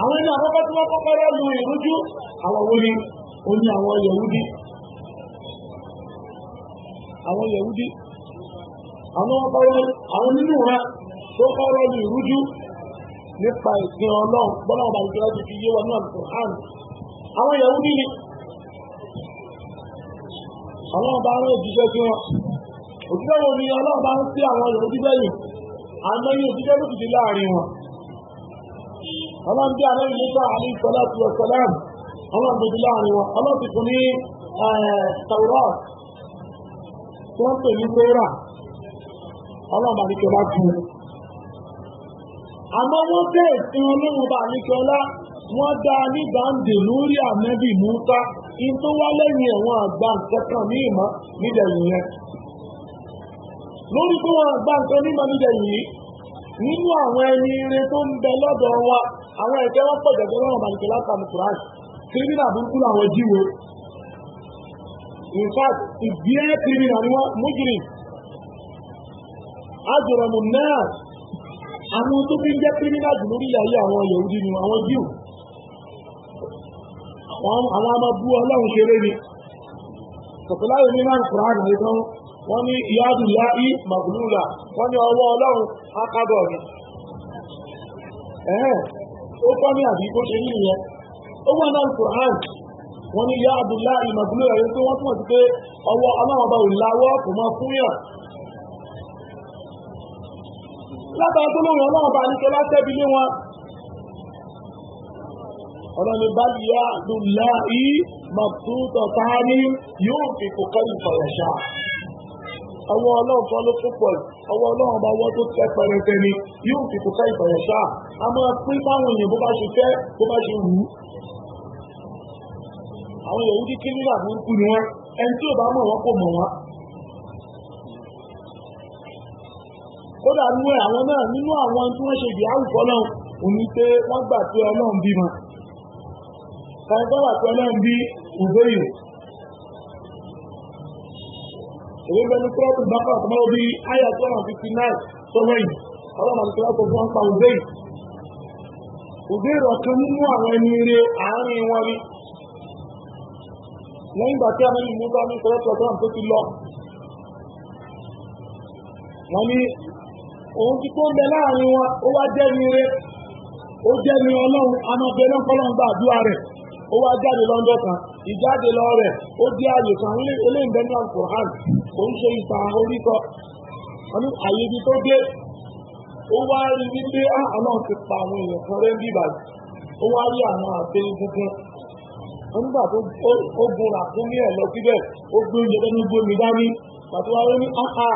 Speaker 1: àwọn ẹni àkọ́kọ́ tí wọ́n kọ́kọ́ rẹ́ lu ìrújú àwọn wo ni ó ní àwọn yẹ̀wúdí àwọn yẹ̀wúdí àwọn ọkọ̀ àwọn nínú wọn tó kọ́ rẹ́ lu ìrújú nípa ìpín ọlọ́run bọ́lá ọba ìjọba ti fi yé wọn náà kò hàn àwọn yẹ̀wúdí ni àwọn ọba ará òjíṣẹ́ tí wọn òjíṣẹ́ wo ni ọlọ́ọ̀bá ń sí àwọn yẹ̀wúdí bẹ́yìn àmọ́ yìí òjíṣẹ́ ló fìdí láàrin wọn ọlọ́run bí alẹ́ yìí sọ àlẹ́ ìsọlá àti ọ̀sọ̀lám ọlọ́run tó ti láàrin wọn ọlọ́run ti fún ní tàwùrọ̀ tí wọ́n pè ní kóra ọlọ́run bá ní kí ọlá fún un. àmọ́ wọ́n bẹ̀rẹ̀ sí ọlọ́run bá ní kí ọlá wọ́n dá nígbàǹdè lórí ànábì Mùsá kí tó wá lẹ́yìn ẹ̀wọ̀n àgbà nǹkan ní ìmọ̀ nílẹ̀ yẹn. lórí pé wọ́n àgbà nǹkan ní ìmọ̀ nílẹ̀ yìí nínú àwọn ẹni ire tó ń bẹ lọ́dọ̀ wa àwọn ẹ̀jẹ̀ wọn pọ̀ jẹ̀jẹ̀ lọ́wọ́ bàjẹ́ látàmì kùránì kírímìnà burúkú làwọn jíwe in fact ìgbìyẹ kírímìnà ni wọ́n mújìrì ajọ̀rọ̀mù náà àwọn tó fi ń jẹ́ jù lórí ayé àwọn ni àwọn jíù àwọn ọmọ ọlọ́run ni ní náà kùránì àìsàn wọ́n ní ìyáàdù láì wọ́n ní ọwọ́ ọlọ́run ni ó tọ́ ní àbí bó ṣe nínú yẹn ó wà náà Qur'an wọn ní ya Abdullahi magulu ẹ̀yẹ tó wọ́n túmọ̀ sí pé ọwọ́ ọlọ́run ọba ò láwọ́ kò mọ fún yàn látara tó lóun ọlọ́run ọba látẹ́bi lé wọn ọlọ́ni bá ya Abdullahi magulu tọ̀tà ní yóò fi kò ìfọ̀yàṣà ọwọ́ ọlọ́run kan ló púpọ̀ ọwọ́ ọlọ́run bá wọ́n tó tẹ́ pẹrẹsẹ ni yóò fi kò ká ìbẹ̀rẹ̀ ṣáà a máa pín fáwọn èèyàn bó bá ṣe fẹ́ bó bá ṣe wù ú. àwọn èèyàn yìí kí nígbà tó ń kú ni wọn ẹni tí ò bá mọ̀ wọn kò mọ̀ wọn. kódà nú ẹ àwọn náà nínú àwọn tí wọ́n ṣe ìdí àwùjọ náà òní pé wọ́n gbà pé ọlọ́run bí wọn. kàìkọ́ wà pé ọlọ́run èyí ń bẹ ní kúrọ́ọ̀tù bàbá sọ orí àyà two hundred fifty nine sọ́nà yìí ọlọ́run àti kúrọ́ọ̀tù fún ọ̀pá òbẹ́yì òbẹ́rẹ̀ ọ̀kan nínú àwọn ẹni rẹ àárín wọn rí lẹ́yìn lọ ti bẹ láàrin ó wá rẹ ó ní kò ń ṣe ìta oríkọ wọn ní àyè ibi tó dé ó wá rí wípé àná ah, ti pa àwọn èèyàn kan rẹ́ bíbà ó wá rí àwọn àtẹ̀yìn tuntun wọn nígbà tó ó gun ràkúnmí ẹ̀ lọ síbẹ̀ ó gbé oúnjẹ lẹ́nu gbómi dání pàtó wa ah, ah, ó ní áhà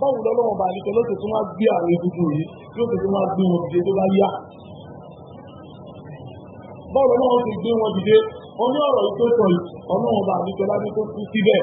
Speaker 1: báwo lọ́lọ́wọ́ bá ní tọ́lọ́tò tó máa gbé àwọn egungun yìí yóò tó tó máa gbé wọn dìde tó bá yá báwo lọ́wọ́ ti gbé wọn dìde wọn ní ọ̀rọ̀ yìí tó bá ní tọ́lá tó kú síbẹ̀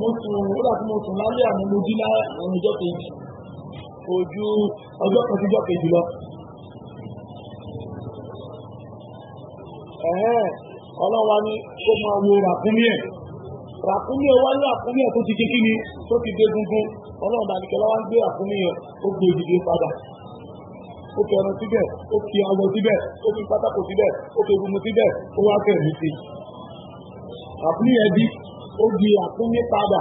Speaker 1: mo sùn nígbà tí mo sùn lálẹ́ àmì mo dí láyé àwọn ọjọ́ kejì ojú ọjọ́ kan síjọ́ kejì lọ. ọlọ́wà ni kó máa wo ràkúnmí ẹ̀ ràkúnmí ẹ̀ wáyé ràkúnmí ẹ̀ tó ti kékeré ni tó ti dé gungun ọlọ́run bá nìkẹ́ lọ́wọ́ ń gbé ràkúnmí ẹ̀ ó gbé òdìdí padà ó fi ẹran síbẹ̀ ó fi awọ síbẹ̀ ó fi pátákó síbẹ̀ ó fi egungun síbẹ̀ ó wá fẹ̀mí sí i ràkúnmí ẹ̀ bí ó di àkúnmí padà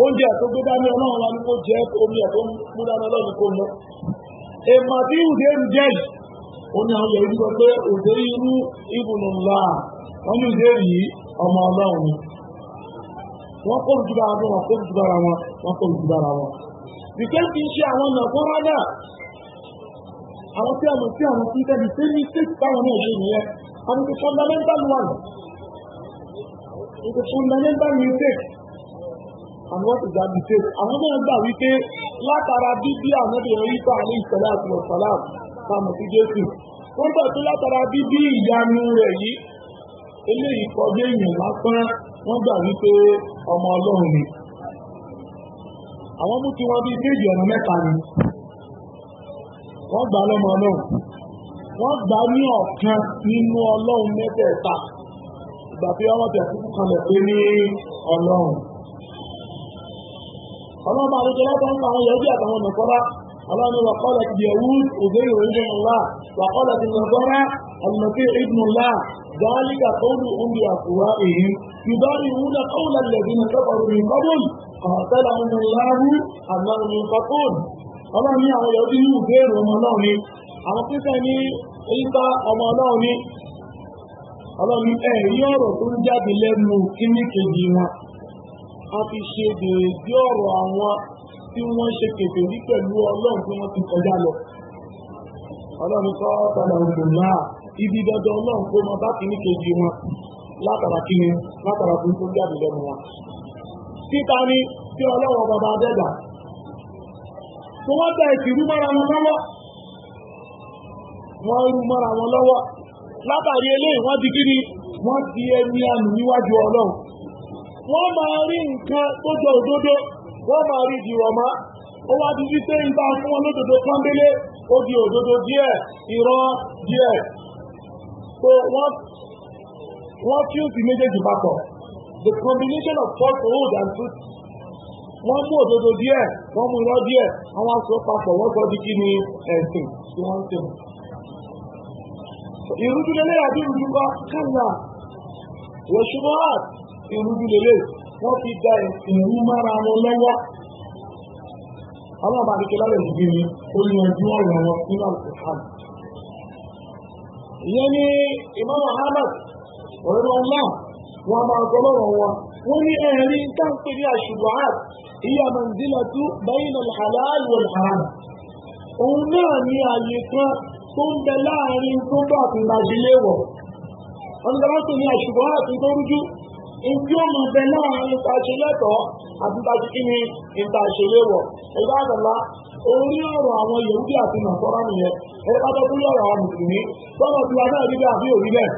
Speaker 1: oúnjẹ tó gbé dání ọlọ́run wa ni kò jẹ́ omi ẹ̀ tó mú dání ọlọ́run kò mọ́ èèmọ̀ tí ìwùdé ń jẹ́ yìí ó ní àwọn yẹ̀rí sọ pé òde irú ìbùnú ńlá wọn ní ìdé yìí ọmọ ọlọ́run ni wọ́n kó ojú bára wọn kó ojú bára wọn wọ́n kó ojú bára wọn. bìkẹ́ ti ṣe àwọn nàgbọ́n rádà àwọn tí a mọ̀ sí àwọn tí ń tẹ́bi sí ní táwọn náà ṣe nìyẹn àwọn ti fọ́ndámẹ́ntàlù wà lọ́wọ́. It's a fundamental mistake. And what is that mistake? Àwọn náà gbà wípé látara bíbí ànábì Ìsá ní ìṣẹ̀lẹ̀ àti ọ̀sálà sàmù sí Jésù. Wọ́n gbà pé látara bíbí ìyanu rẹ̀ yìí, eléyìí kọjú èèyàn lásán, wọ́n gbà wípé ọmọ Ọlọ́run ni. Àwọn mú kí wọ́n bí méjì ọ̀nà mẹ́ta ni. Wọ́n gbà lọ́mọ Ọlọ́run. Wọ́n gbà ní ọ̀kan nínú Ọlọ́run mẹ́tẹ̀ẹ̀ta gbàgbé ọwọ́ bẹ̀ kúkú kan lẹ̀ pé ní ọlọ́run. ọlọ́run bá rúkẹ́ lọ́tọ́ nípa àwọn yẹ̀wù àtàwọn nìkọ́lá ọlọ́run wà kọ́lá ti yẹ̀wù òbẹ́rẹ̀ oúnjẹ ńlá wà kọ́lá ti nàbọ́rá ọ̀nàfẹ́ ìdùnnà ذلك قول أم بأفواههم يضارعون قول الذين كفروا من قبل قاتلهم الله أنهم ينفقون ọlọ́run ní àwọn yẹ̀wù tí yóò bẹ́ẹ̀rù ọmọ náà ni ọlọ́run ẹ̀rí ọ̀rọ̀ tó ń jáde lẹ́nu kíní kejì wọn a fi ṣe dèédé ọ̀rọ̀ àwọn tí wọ́n ṣe kèfè rí pẹ̀lú ọlọ́run tí wọ́n ti kọjá lọ ọlọ́run kọ́ padà ògùn náà ibi dandan ọlọ́run kó mọ bá kíní kejì wọn látara kíní látara fún tó ń jáde lẹ́nu wọn títa ni tí ọlọ́run bàbá dẹ́gbà tó wọ́n tẹ̀ ìsìrú mọ́ra wọn lọ́wọ́ wọ́n rú wọn lọ́wọ́ látàrí eléyìí wọ́n ti kíni wọ́n ti ẹni àmì níwájú ọlọ́run wọ́n máa rí nǹkan tó jọ òdodo wọ́n máa rí ìdìrọ̀mọ́ ó wá di wípé ń bá fún wọn lódodo pọ́nbélé ó di òdodo díẹ̀ irọ́ díẹ̀ so wọ́n wọ́n fi òsì méjèèjì papọ̀ the combination of falsehood and truth wọ́n mú òdodo díẹ̀ wọ́n mú irọ́ díẹ̀ àwọn aṣọ papọ̀ wọ́n sọ di kí ni ẹ̀sìn tí wọ́n ń tẹ̀wọ̀n ìrújú lélẹ̀ àbí ìrújú bá kàlà wọ̀ṣùmọ́ ìrújú lélẹ̀ wọ́n fi da ìrú mára wọn lọ́wọ́ àwọn àbàdìkẹ́ lálẹ́ ìdí ni ó ní ọdún ọ̀rọ̀ wọn nínú àlùkùnrin ìyẹn ni Imam Ahmad ọ̀rọ̀ ọlá wọn máa gbọ́lọ́rọ̀ wọn wọ́n ní ẹ̀rí táǹpé ní àṣùgbọ́n ìyá manzilatu bayna al-halal wal òun náà ní àyè kan tó ń bẹ láàrin tó bọ̀ àti ìbàjílé wọ̀ ọ̀nàdàbàtò ní àṣùgbọ́n àti tó rújú ntí ó mọ̀ bẹ láàrin ìtàṣe lẹ́tọ̀ọ́ àti ìtàṣe kí ni ìtàṣe léwọ̀ ẹ̀yà àdàlá orí ọ̀rọ̀ àwọn Yahudi àti nàkọ́rọ́ nìyẹn ẹ̀rọ bá tọ́kú lọ́rọ̀ àwọn mùsùlùmí tọ́lọ̀ tí wọn náà rí bẹ́ẹ̀ àbí òrí bẹ́ẹ̀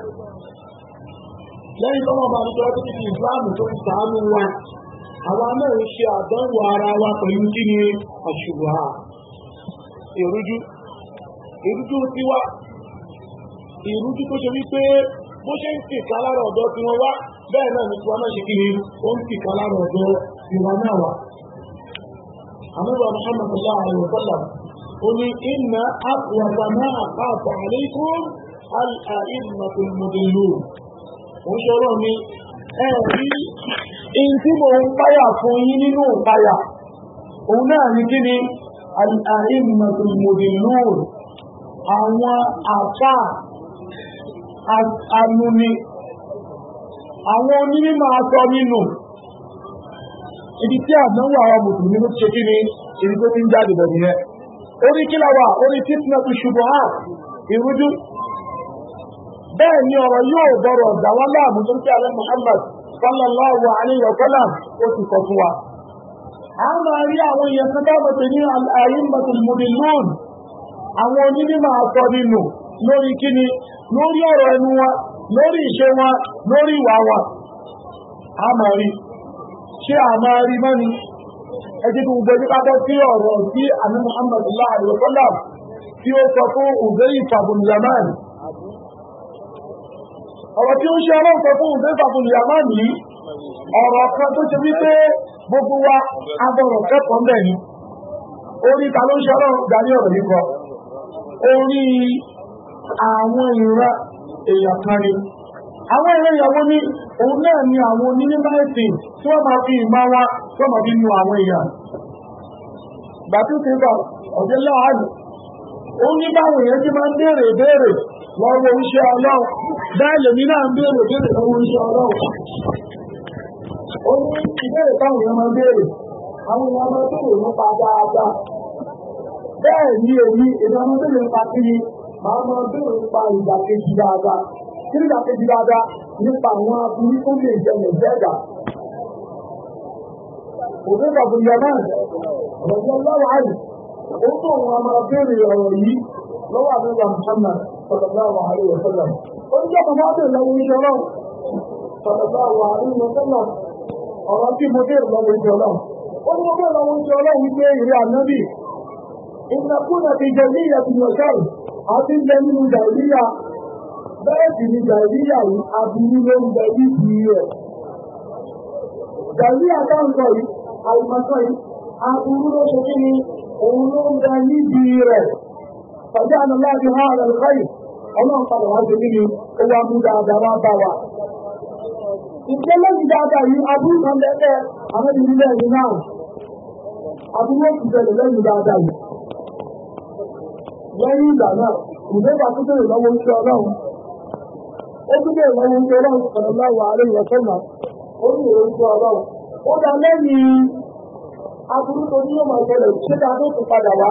Speaker 1: lẹ́yìn tọ́lọ̀ máa ní tọ́lọ́ tó ìsìláàmù tó fi sàánú wa àwa náà ń ṣe àdánwò ara wa pẹ̀lú kí ni àṣùgbọ́n èrújú ìrújú ti wá ìrújú tó ṣe wípé bó ṣe ń tìka lára ọ̀dọ́ tí wọ́n wá bẹ́ẹ̀ náà ní tiwọn náà ṣe kí ni ó ń tìka lára ọ̀dọ́ tiwọn náà wá. àmọ́bà Muhammad sallallahu alaihi wa ó ní inna aqwama ma akhaafu alaykum al-a'immatul mudillun. ó ń ṣọ́rọ̀ mi ẹ rí in tí mo ń páyà fún yín nínú ìpáyà òun náà ní kí ni al-a'immatul mudillun àwọn àfà anuni àwọn onímọ̀ aṣọ nínú ibi tí àdánwò àwọn mùsùlùmí ló ṣe kí ni ibi tó ti ń jáde bọ̀ nìyẹn orí kí làwà orí fitna tó ṣubú hà ìrújú bẹ́ẹ̀ ni ọ̀rọ̀ yóò bọ̀rọ̀ dàwọn láàmú tó ń Muhammad sallallahu alayhi wa sallam ó ti sọ fún wa. a máa rí àwọn èèyàn kan dábàtà ní àyè mọ̀tòmùdì àwọn onye àsọ nínú lórí kíni lórí ọ̀rọ̀ ẹnu lori lórí ìṣe wọn lórí ìwà wọn a máa rí ṣé a máa rí tó gbogbo ọ̀rọ̀ sí tí ó sọ fún Ubay tí ọ̀rọ̀ kan tó ṣe wípé gbogbo wa agbọ̀rọ̀ kẹ́kọ̀ọ́ orí ta ló orí àwọn ìran èèyàn kan ni àwọn ní òun náà ni àwọn onímọ̀ẹ́sì tí wọ́n máa fi ìmọ̀ tí wọ́n máa fi nu àwọn èèyàn ti bọ̀ láàánú ó ní báwọn èèyàn ti máa ń béèrè béèrè lọ́wọ́ oúnjẹ ọlọ́run bẹ́ẹ̀ lèmi náà ń béèrè béèrè lọ́wọ́ oúnjẹ ọlọ́run ó ní ìbéèrè táwọn èèyàn máa béèrè àwọn èèyàn bẹ́ẹ̀ ni èmi ìdáná tó lè pa sí ni màá máa bẹ̀rẹ̀ nípa ìdàkejì dáadáa kí ìdàkejì dáadáa nípa àwọn aburú tó lè jẹun ìjẹ́dà. Òfin Kàbùyà náà rọ̀jọ́ lọ́wọ́ àyè ó tó àwọn máa ọ̀rọ̀ yìí lọ́wọ́ àbẹ̀wò Muhammad sọ̀rọ̀láwọ̀ àyè wọ̀sọ̀lọ̀. Ó ń jẹ́ bàbá bẹ̀rẹ̀ lọ́wọ́ ìjọ náà sọ̀rọ̀láwọ̀ àyè wọ̀sọ̀lọ̀ ọ̀rọ̀ tí mo bẹ̀rẹ̀ lọ́wọ́ ìjọ náà. Ó ní mo bẹ̀rẹ̀ lọ́wọ́ ìjọ náà wípé ìrẹ́ إن كنا في جميع وكيل àti ń bẹ nínú Nàìjíríà bẹ́ẹ̀ sì ni Nàìjíríà yìí aburú ló ń bẹ níbi rẹ̀. Nàìjíríà dáńtọ̀ yìí àlùmọ́tọ́ yìí aburú ló ṣe kí ni òun ló ń bẹ níbi rẹ̀. Pàdé àná láti há ara rẹ̀ báyìí ọlọ́run padà wá sí nínú ó wá mú bá wa. Ìjẹ́ lẹ́yìn dáadáa yìí aburú kan bẹ́ẹ̀ bẹ́ẹ̀ àwọn ìdílé ẹ̀yìn náà aburú ti bẹ̀rẹ̀ lẹ́yìn dáadáa yìí lẹ́yìn ìgbà náà ìjọba tó bèrè lọ́wọ́ iṣẹ́ ọlọ́run ó tún bèrè lọ́wọ́ iṣẹ́ ọlọ́run sọ̀rọ̀ láwọ̀ ààrẹ ìyọ̀sọ́nà ó ní ìwé iṣẹ́ ọlọ́run ó dá lẹ́yìn aburú tó ní ọmọ ìṣẹ̀lẹ̀ ṣé dáadọ́ tó padà wá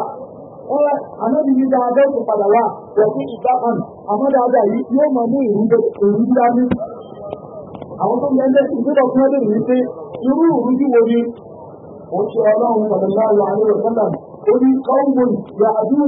Speaker 1: wọ́n rẹ̀ ànábi ní dáadọ́ tó padà wá wọ̀kú ìgbà kan àmọ́ dáadáa yìí yóò máa mú ìrú dání àwọn tó ń bẹ́ẹ̀ ìjọba fún ọdún yìí pé irú ìrújú wo ni ó ṣe ọlọ́run sọ̀rọ̀ láwọ̀ ààrẹ ìyọ̀sọ́nà ó ní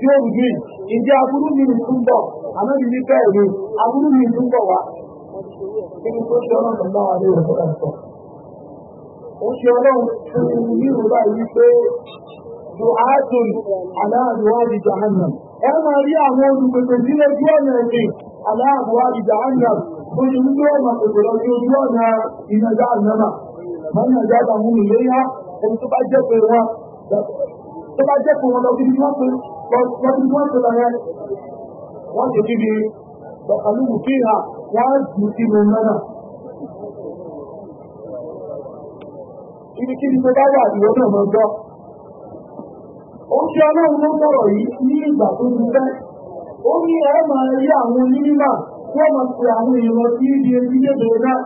Speaker 1: yóò rú bí ìjẹ́ aburú mi ń tún bọ̀ àmọ́ mi ní bẹ́ẹ̀ ni aburú mi ń tún bọ̀ wá. Ibi tó ṣe ọlọ́run náà wà ní ìrọ̀lẹ́ ọ̀sán. Ó ṣe ọlọ́run fún mi ní ìrọ̀lá yìí pé Dùhátùn aláàbùwádìí Jahannam. Ẹ máa rí àwọn olùpèsè sílé bí ọ̀nà ẹ̀sìn aláàbùwádìí Jahannam. Ó ṣe wípé ọ̀nà pèsè lọ sí ojú ọ̀nà ìyànjá ànámà. Mọ́nà ìyá àtàwọn olùléyà, ẹni tó bá jẹ́ pé wọn lọ sí ibi tí wọ́n pe wọ́n ti wọ́n ti lọ yẹn wọ́n ti fi di ọ̀kàlùkù kí ha wọ́n á jù sínú náà. Ibikíbi tó bá wà ìwọ náà mọ̀ gbọ́. Ó ń ṣe ọlọ́run ló sọ̀rọ̀ yìí ní ìgbà tó ń fẹ́. Ó ní ẹ máa rí àwọn onímọ̀ wọ́n máa pe àwọn èèyàn tí ibi ẹbí lédè náà.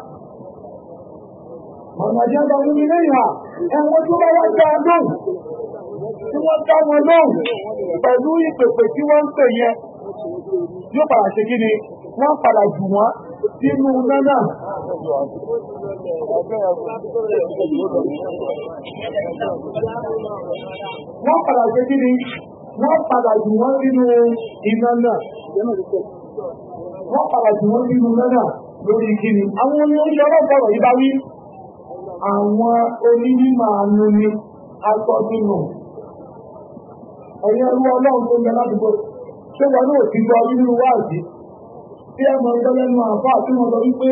Speaker 1: Mọ̀nàjẹ́ bá wú ní lẹ́yìn à, tó bá wá jẹ́
Speaker 2: tí wọ́n dá wọn lóhùn
Speaker 1: pẹ̀lú ìpèpè tí wọ́n ń pè yẹn yóò padà ṣe kí ni wọ́n padà jù wọ́n sínú náà. Wọ́n padà ṣe kí ni wọ́n padà jù wọ́n sínú iná náà. Wọ́n padà jù wọ́n sínú iná náà lórí kí ni. Àwọn oníṣẹ́ ọlọ́gbọ̀rọ̀ yìí bá wí. Àwọn onímọ̀ àánú ni a sọ nínú ẹ̀yẹ ru ọlọ́run tó ń bẹ ládùúgbò ṣé wọn náà ti nínú wáàdí tí ẹ mọ lẹ́nu àfa àti wọn lọ wípé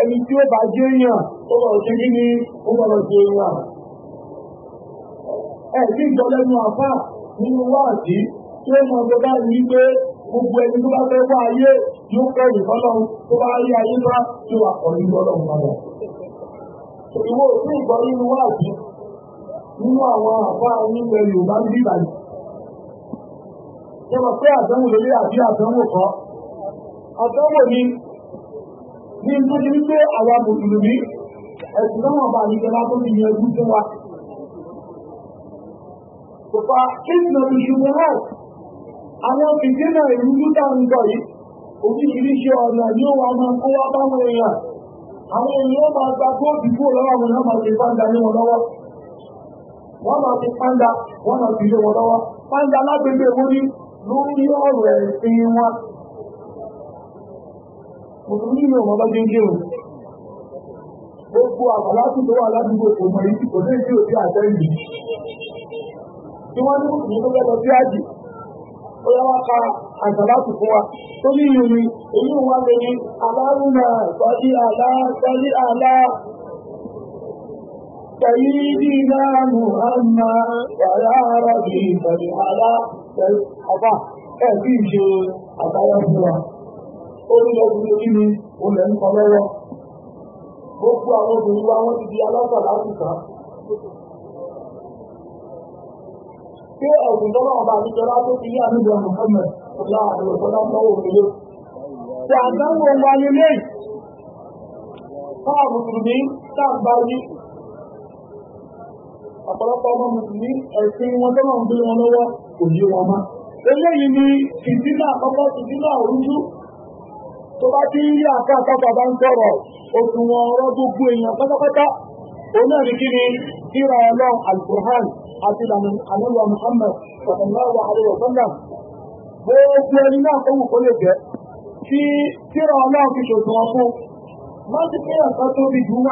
Speaker 1: ẹni tí ó bá jẹ́ èèyàn ó bọ̀rọ̀ ṣe kí ni ó bọ̀rọ̀ ṣe èèyàn. ẹ ní ìjọ lẹ́nu àfa nínú wáàdí tí ó mọ ọjọ́ báyìí wípé gbogbo ẹni tó bá fẹ́ wá ayé yóò kẹ́rù fọlọ́run tó bá rí ayé bá tó wà pọ̀ nínú ọlọ́run padà. ìwọ òfin ìgbọ́ nínú wáàdí nínú àwọn àfa nílẹ̀ Yorùbá ń bí ìbàdàn ṣe mọ̀ pé àdánwò lórí àbí àdánwò kọ́ àdánwò ni ní tó ti wípé àwa mùsùlùmí ẹ̀sùn náà bá nìjọba tó ti yẹn gúúsù wa kò fa ìsìnà ìṣubú náà àwọn fìdínà ìlú dúdà ń bọ̀ yìí oríṣiríṣi ọ̀nà ni ó wà máa kó wá báwọn èèyàn àwọn èèyàn máa gba góòdù kúrò lọ́wọ́ àwọn èèyàn máa fi pàǹdà ní wọn lọ́wọ́ wọ́n máa fi pàǹdà wọ́n máa fi lé wọn lọ́wọ́ pàǹdà lágbègbè wọn ní lórí ọ̀rọ̀ ẹ̀sìn wọn mùsùlùmí ni ọmọ bá gẹ́gẹ́ o gbogbo àgbàlátù tó wà ládùúgbò kò mọ ìdí kò déjì òbí àtẹ́yìn tí wọ́n ní mùsùlùmí tó lọ́dọ̀ sí àjì ó yá wá ka fún wa tó ní èyí lè ní àlá àlá ala pẹ̀lú gbogbo àwọn obìnrin wa wọ́n ti di alágbà láfíìkà pé ẹ̀sìn tọ́lá ọba àtijọ́lá tó fi yá nígbà Muhammad ọ̀la àdìrọ̀tọ́lá lọ́wọ́ òkèlè
Speaker 2: tí àdánwò
Speaker 1: wa ní lẹ́yìn káà mùsùlùmí kò yé wọn mọ́ eléyìí ni ìdílé àkọ́kọ́ ìdílé òrújú tó bá ti ń rí àkàkọ́kọ́ bá ń sọ̀rọ̀ òṣùwọ̀n ọ̀rọ̀ gbogbo èèyàn pátápátá òun náà ní kí ni kíra ọlọ́run alukurhan àti ìlànà àlọ́wà Muhammad sallallahu alaihi wasallam gbogbo ẹni náà tó wù kó lè jẹ́ kí kíra ọlọ́run fi ṣòṣùwọ̀n fún pé ẹ̀kan tó ṣe òṣùwọ̀n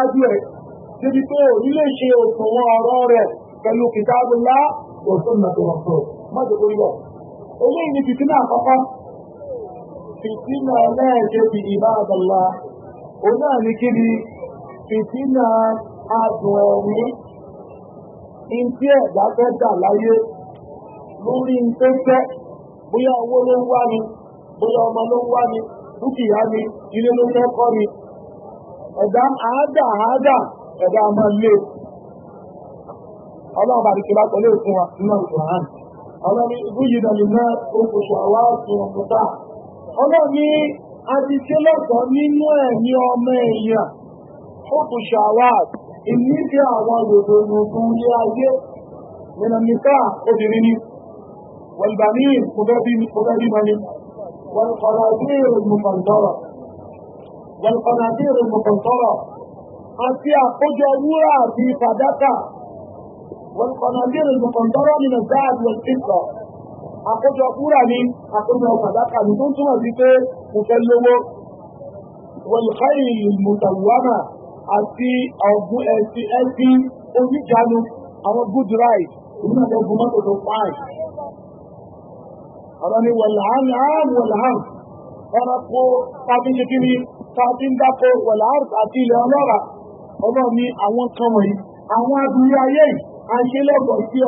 Speaker 1: ọ̀rọ̀ rẹ̀ pẹ̀lú kìtàbùlá òṣùwọ̀n tó rọ̀ mọ́jọ́ tó onye bọ̀. eléyìí ni fìtínà na fìtínà ẹlẹ́ẹ̀kejì ìbáàdọ́lá òun náà ní kí ni fìtínà adùn ẹ̀mí ìdí ẹ̀dá fẹ́ dà láyé lórí tó fẹ́ bóyá owó ló ń wá ọmọ ló ń wá ni dúkìá ọlọ́ni ìbúyìnà lùnà okùnṣù aláàtún ọ̀pọ̀tà ọlọ́ni a ti ṣe lọ́tọ̀ nínú ẹ̀mí ọmọ èèyàn okùnṣù aláàtún ìníṣẹ́ àwọn òdòdó fún ilé ayé nínú nìka obìnrin ni wọ̀lbàní kòbẹ́bí mani wọ̀lkọ̀nàdé ìròmùkọ̀ntọ́rọ̀ àti àkójọ wúrà àti fàdákà والقناطير المقنطرة من الذهب والفضة àkójọ kúrà ní àkójọ sàdákà ní tó túnmọ̀ sí pé mo fẹ́ lówó wọ̀lùkáyì mùtàwùwámà àti ọ̀gbun ẹ̀sì ẹ̀sì oníjànú àwọn good ride òun àti ọgbùn mọ́tò tó pàì ọ̀rọ̀ ni wọ̀lùhán wọ̀lùhán ọ̀rọ̀kọ tàbí ṣekiri tàbí ń dáko wọ̀lùhán àti ilẹ̀ ọlọ́ra ọlọ́ ni àwọn kan wọ̀nyí àwọn adúlé ayé yìí aṣílẹ̀kọ̀ sí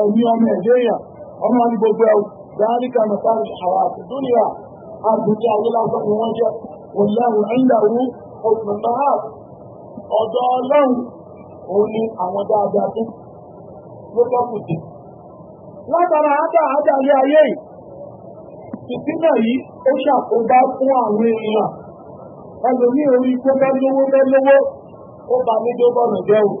Speaker 1: ẹ̀mí ọmọ ẹ̀dẹ́yàn ọmọ ní gbogbo ẹ̀wù dáríkà mẹ́sàn àwọn àtìdúnìyà àgbùjẹ́ ayélásọ́ ni wọ́n jẹ́ òlẹ́rùn ẹ̀yàwó ọ̀pùnmáà ọ̀dọ̀ ọlọ́run òun ni àwọn dáadáa tó ló tọ́kù sí. látara ádá ádá ilé ayé yìí ìpínlẹ̀ yìí ó ṣàkóbá fún àwọn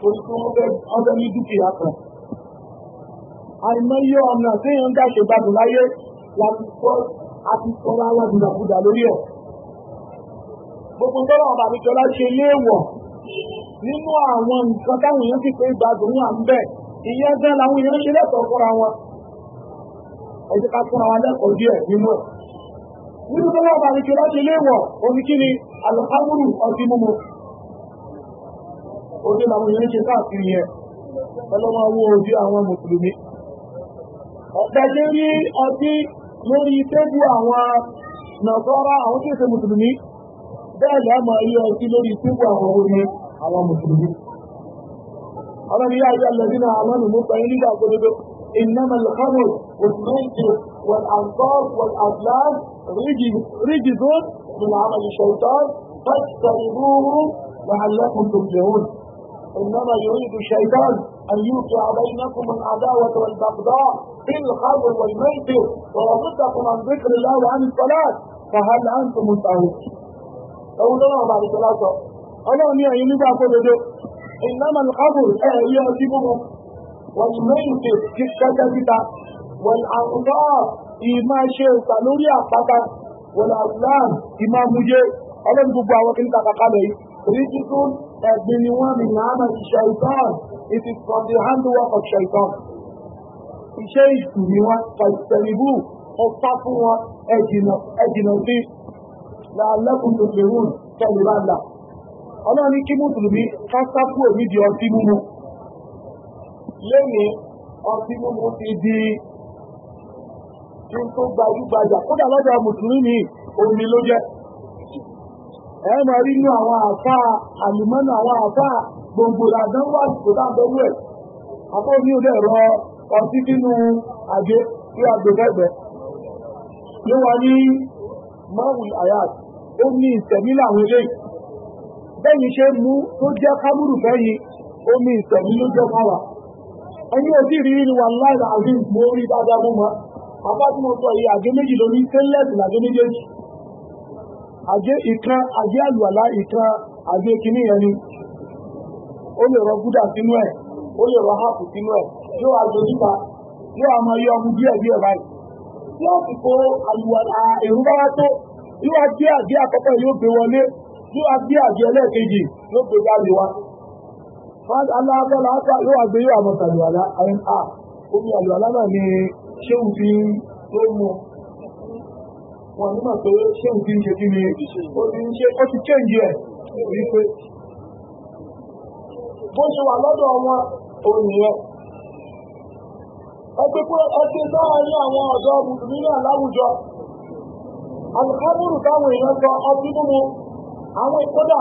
Speaker 1: torí pé wọ́n fẹ́ ọdẹ ní dúkìá kan. àìmọye ọ̀nà téèyàn ń dáṣe gbádùn láyé láti kọ́ àti sọ́ra aládùúgbàkúdà lórí ẹ̀. gbogbo tọ́lá ọba àbíjọlá ṣe léèwọ̀ nínú àwọn nǹkan táwọn èèyàn ti pé gbádùn wà ń bẹ̀ ìyẹn gan làwọn èèyàn ṣe lẹ́tọ̀ọ́ fúnra wọn. ẹ jẹ́ ká fúnra wa lẹ́kọ̀ọ́ díẹ̀ nínú ẹ̀. nínú tọ́lá ọba àbíjọlá ṣe léèwọ̀ ojú làwọn èèyàn ń ṣe káàkiri yẹn ọlọ́mọ owó ojú àwọn mùsùlùmí ọ̀pẹ̀jẹ́ rí ọtí lórí tébù àwọn nàṣọ́rá àwọn tí èsè mùsùlùmí bẹ́ẹ̀ lẹ́mọ̀ rí ọtí lórí tébù àwọn orí àwọn mùsùlùmí ọlọ́ni yá ayé alẹ́dínà alọ́nù mú pẹ̀lú nígbà gbogbo إنما الخمر والميسر والأنصاب والأزلام رجز من عمل الشيطان فاجتنبوه لعلكم تفلحون إنما يريد الشيطان أن يوقع بينكم العداوة والبغضاء في الخمر والميسر ويصدكم عن ذكر الله وعن الصلاة فهل أنتم منتهون؟ أو لا بعد ثلاثة أنا أني أيني بعد إنما الخمر أهي يعجبهم والميسر في الشدة والأنصار إما شيء سنوري أبدا والأولاد إما مجيء أنا بقول لك أنا Rizikun ẹ̀gbin ni wọ́n mi náà máa ti ṣàìtàn. It is from the handwork of ṣàìtàn. Iṣẹ́ ìsù ni wọ́n ṣàìtẹ̀lébù ọ̀pá fún wọn ẹ̀jìnà sí làálẹ́kùn tó lè rùn kẹ́lẹ̀ bá là. Ọlọ́run ní kí Mùsùlùmí kásá kúrò nídìí ọtí mímu. Lẹ́yìn ọtí mímu ti di kí n tó gbajúgbajà kódà lọ́jà Mùsùlùmí omi ló jẹ́. ẹ máa rí inú àwọn àfa àlùmọ́nà àwọn àfa gbogbo àdánwò àsìkò dábẹ́wò ẹ̀ mi ò dẹ̀ rọ ọtí nínú àgbé tí a ló wà ní ayat ó ní ìtẹ̀mí làwọn eléyìí bẹ́ẹ̀ni ṣe mú tó jẹ́ kámúrù fẹ́yìn ó ní ìtẹ̀mí ló jẹ́ fáwà ẹni ò rí ní dáadáa àpá tí mo sọ yìí méjì àgé ìkan àgé àlùwàlá ìkan àgé kìíní ni ó lè rọ gúdà sínú ẹ̀ ó lè rọ háàpù sínú ẹ̀ yóò wá jọ síta yóò àmọ́ yọ ọmú díẹ̀ díẹ̀ báyìí yóò sì kó àlùwàlá èrú tó yóò wá gbé àkọ́kọ́ yóò gbé wọlé yóò wọn nígbà pé ṣé n ti ń ṣe kí ni ó ń ṣe ó ti kéǹjì ẹ̀ wípé bó ṣe wà lọ́dọ̀ wọn ò nìyẹn. pé pé ẹ àwọn ọ̀dọ́ mùsùlùmí láwùjọ àlùkámùrù táwọn èèyàn sọ ọtí mímu àwọn ìkódà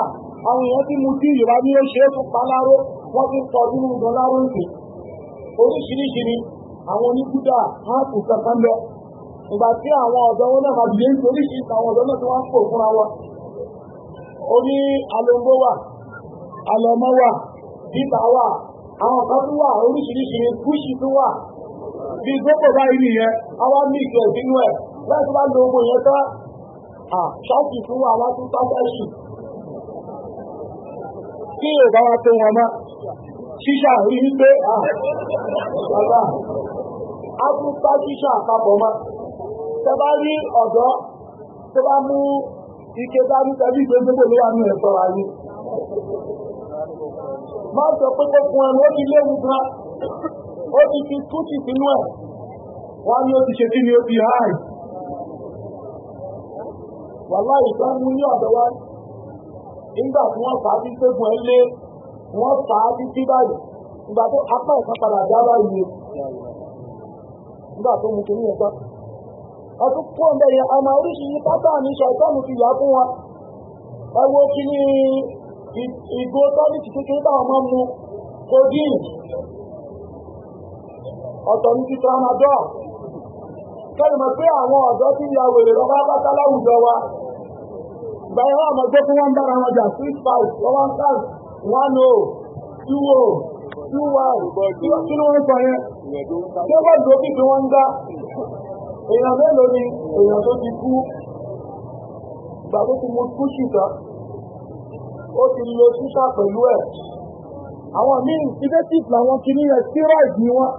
Speaker 1: àwọn èèyàn ti mu tí ìyọ̀wá ní ṣe é fún paláró wọ́n ti pọ̀ nínú ìdánláró ìsìn oríṣiríṣi ni àwọn oníkúdà á kù kankan bẹ́ẹ̀ ìgbà tí àwọn ọ̀dọ́ wọn náà máa dìde nítorí ìta àwọn ọ̀dọ́ náà tí wọ́n pò fúnra wọn. ó ní alongo wà alọmọ wà bíbá wà àwọn kan tó wà oríṣiríṣi kúṣì tó wà bí gbogbo báyìí nìyẹn àwa ní ìgbẹ́ ìbínú ẹ̀ láti tó bá lo ogun yẹn tán ṣáàkì tó wà wá tó tábẹ́sì kí ò bá wá tó wọn mọ́ ṣíṣà rí wípé àbúrò bá ṣíṣà àpapọ̀ mọ́ tẹ bá rí ọ̀dọ́ tó bá mú ike dání tàbí ìgbé gbogbo ló wà ní ẹ̀sọ́ wa ní. má sọ pé kó fún ẹ ló ti léwu gan ó ti fi tútì sínú ẹ̀ wọ́n ní ó ti ṣe kí ni ó ti háì. wàhálà ìtàn mú ní ọ̀dọ̀ wa nígbà tí wọ́n fà á sí gbégun ẹ lé wọ́n fà á sí sí báyìí ìgbà tó apá ìkan dá báyìí nígbà tó mú kí ní ẹ̀sọ́. ẹtún pọ̀ ń bẹ̀yẹn ọ̀nà oríṣiríṣi pátá ní ṣàìtọ́nù ti yà fún wọn ẹ kí ni ìgò tọ́lìtì kékeré táwọn máa ń ọ̀tọ̀ ní ti tramadol pé àwọn ọ̀dọ́ tí ya wèrè lọ́wọ́ pátá láwùjọ wa ìgbà yẹn wọ́n mọ̀ wọn jà six five lọ́wọ́ ń oh, oh, kí èèyàn mélòó ni èèyàn tó ti kú gbà tó ti mú kú ṣìkà ó ti lo ṣíṣà pẹ̀lú ẹ̀ àwọn míì negative làwọn kìíní yẹn steroid ni wọn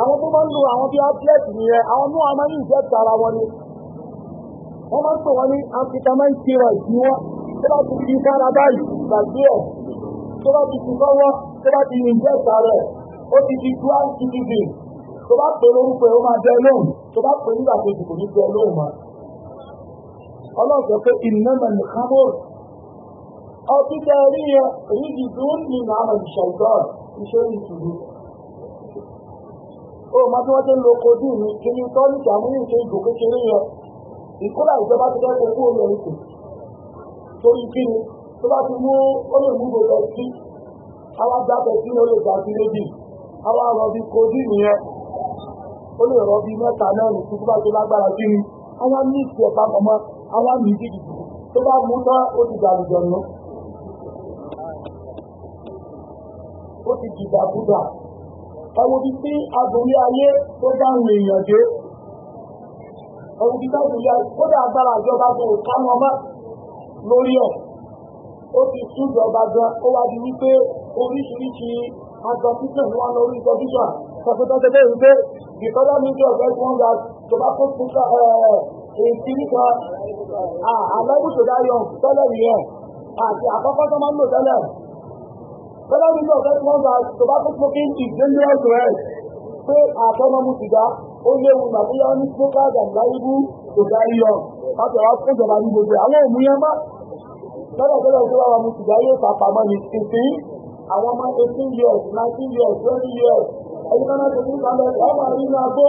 Speaker 1: àwọn tó máa ń lo àwọn bíi outlet nìyẹn àwọn náà máa ń ìjẹ́ tara wọn ni wọ́n máa ń pè wọ́n ní amphetamine steroid ni wọn tó bá ti fi kára báyìí gbàgbé ẹ̀ tó bá ti fi kọ́wọ́ tó bá ti ìjẹ́ tara ẹ̀ ó ti fi dual citizen tó bá pè lórúkọ ẹ̀ ó máa jẹ lóhùn tó bá pè nígbà kejì kò ní jẹ lóhùn mọ́. ọlọ́run sọ pé ìnáma nìkan mọ́ ọtí tẹ rí yẹn èyí kì í dùn ní ìlànà ìṣẹ̀dọ́ iṣẹ́ ìtùnú. ó máa tí wọ́n ti ń lo kojú mi kí ni tọ́lìkì àmúyíǹkì ìgò kékeré yẹn ìkúrà ìjọba ti dẹ́kun owó ọmọ ìkù torí kí ni tó bá ti mú ó lè àwọn agbábẹ́ tí ó lè gbà sí àwọn àròbí kojú nìyẹn ó lè rọ bí mẹ́ta náà ní kí tó bá tó lágbára sí ni àwọn ní ìtì ẹ̀ka mọ̀mọ́ àwọn ní ìdíjì tó bá mú tán ó ti dà lùjọ nù. ó ti dìgbàkúgbà ẹwọ́n ti tí agbórí ayé tó dáhùn èèyàn dé ẹwọ́n ti dáhùn ìyá kódà agbára ìjọba tó ká wọn mọ́ lórí ẹ̀ ó ti súnjọba gan ó wá di wípé oríṣiríṣi agbọ̀n títẹ̀ wọn lórí ìjọba títà sọ pé wípé Because The other major question that tobacco cooker uh, in Sirica are allowed to die on tẹ́lẹ̀ nìyẹn àti àkọ́kọ́ tó máa ń lò tẹ́lẹ̀. Federal major question that tobacco smoking is dangerous to health pé àtọ́nàmú sìgá ó léwu nàbíyá ní smokers and liable to die young. them wá fún ìjọba ní gbogbo àwọn òmìnira bá tẹ́lẹ̀ tẹ́lẹ̀ tó wà wà mú sìgá yóò fà pamọ́ ní 15 àwọn ọmọ 18 years 19 years 20 years ẹ̀yin náà ti fún kalẹ̀ wàá máa rí ní agbó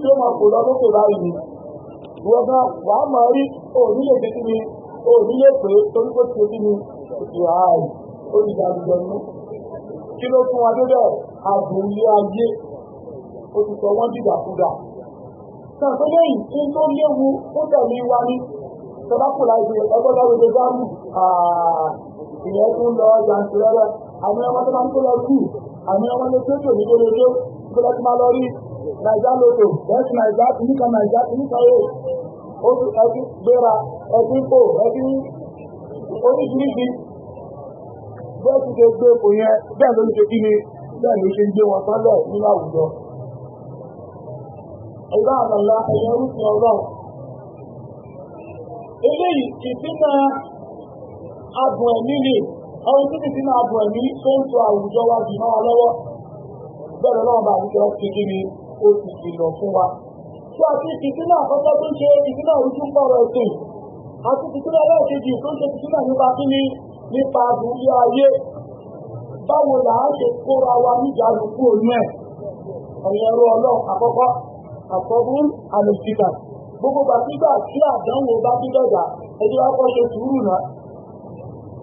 Speaker 1: tí ó máa kò lọ lókè báyìí wọ́n bá wàá máa rí òní lè dídí ni òní lè pè é torí kó ti ní ìhàì ó ti dàgbẹ́ mú kí ló fún wa débẹ̀ àbúlé ayé ó ti sọ wọ́n dìgbàkúgbà kàtó lẹ́yìn tí tó léwu ó tẹ̀lé wa ní tọ́lápù láti ẹgbọ́dọ̀ rẹ̀ gbáàmù ìyẹn tó ń lọ yàtúrẹ́rẹ́ àwọn ẹgbẹ́ tó máa ń tó lọ kú àmì ọmọ ní tó tò ní gbólójó gbọ́dọ̀ tí máa lọ rí nàìjá lòdò bẹ́ẹ̀sì nàìjá ti níka nàìjá ti níka yóò ó ti ẹbí gbéra ẹbí ń bò ẹbí oríṣiríṣi bẹ́ẹ̀sì ṣe gbé kò yẹn bẹ́ẹ̀ ló ń ṣe kí ni bẹ́ẹ̀ ló ṣe ń gbé wọn sọ́lẹ̀ nínú àwùjọ. ẹgbẹ́ àgbàlá ẹ̀yẹ orúkọ ọlọ́run eléyìí ìpínlẹ̀ adùn ẹ̀mí ni ẹni tí kìí máa bọ̀ ní tó ń sọ àwùjọ wa jù máa lọ́wọ́ bẹ́ẹ̀ náà bá àwùjọ ti kí ni ó ti kìlọ̀ fún wa. tí a ti fìtínà àkọ́kọ́ tó ń ṣe fìtínà ojú pọ̀rọ̀ ẹ̀sìn àti fìtínà ẹlẹ́ẹ̀kejì tó ń ṣe fìtínà nípa kí ni nípa àbúrí ayé báwo là á ṣe kóra wa níjànú kú òun ẹ̀ ọ̀yẹ̀ ẹ̀rọ ọlọ́ àkọ́kọ́ àkọ́bùn àlòsíkà gbogbo gbàgbígbà tí àdánwò bá dídọ̀dà ẹjọ́ akọ́ṣe sùúrù náà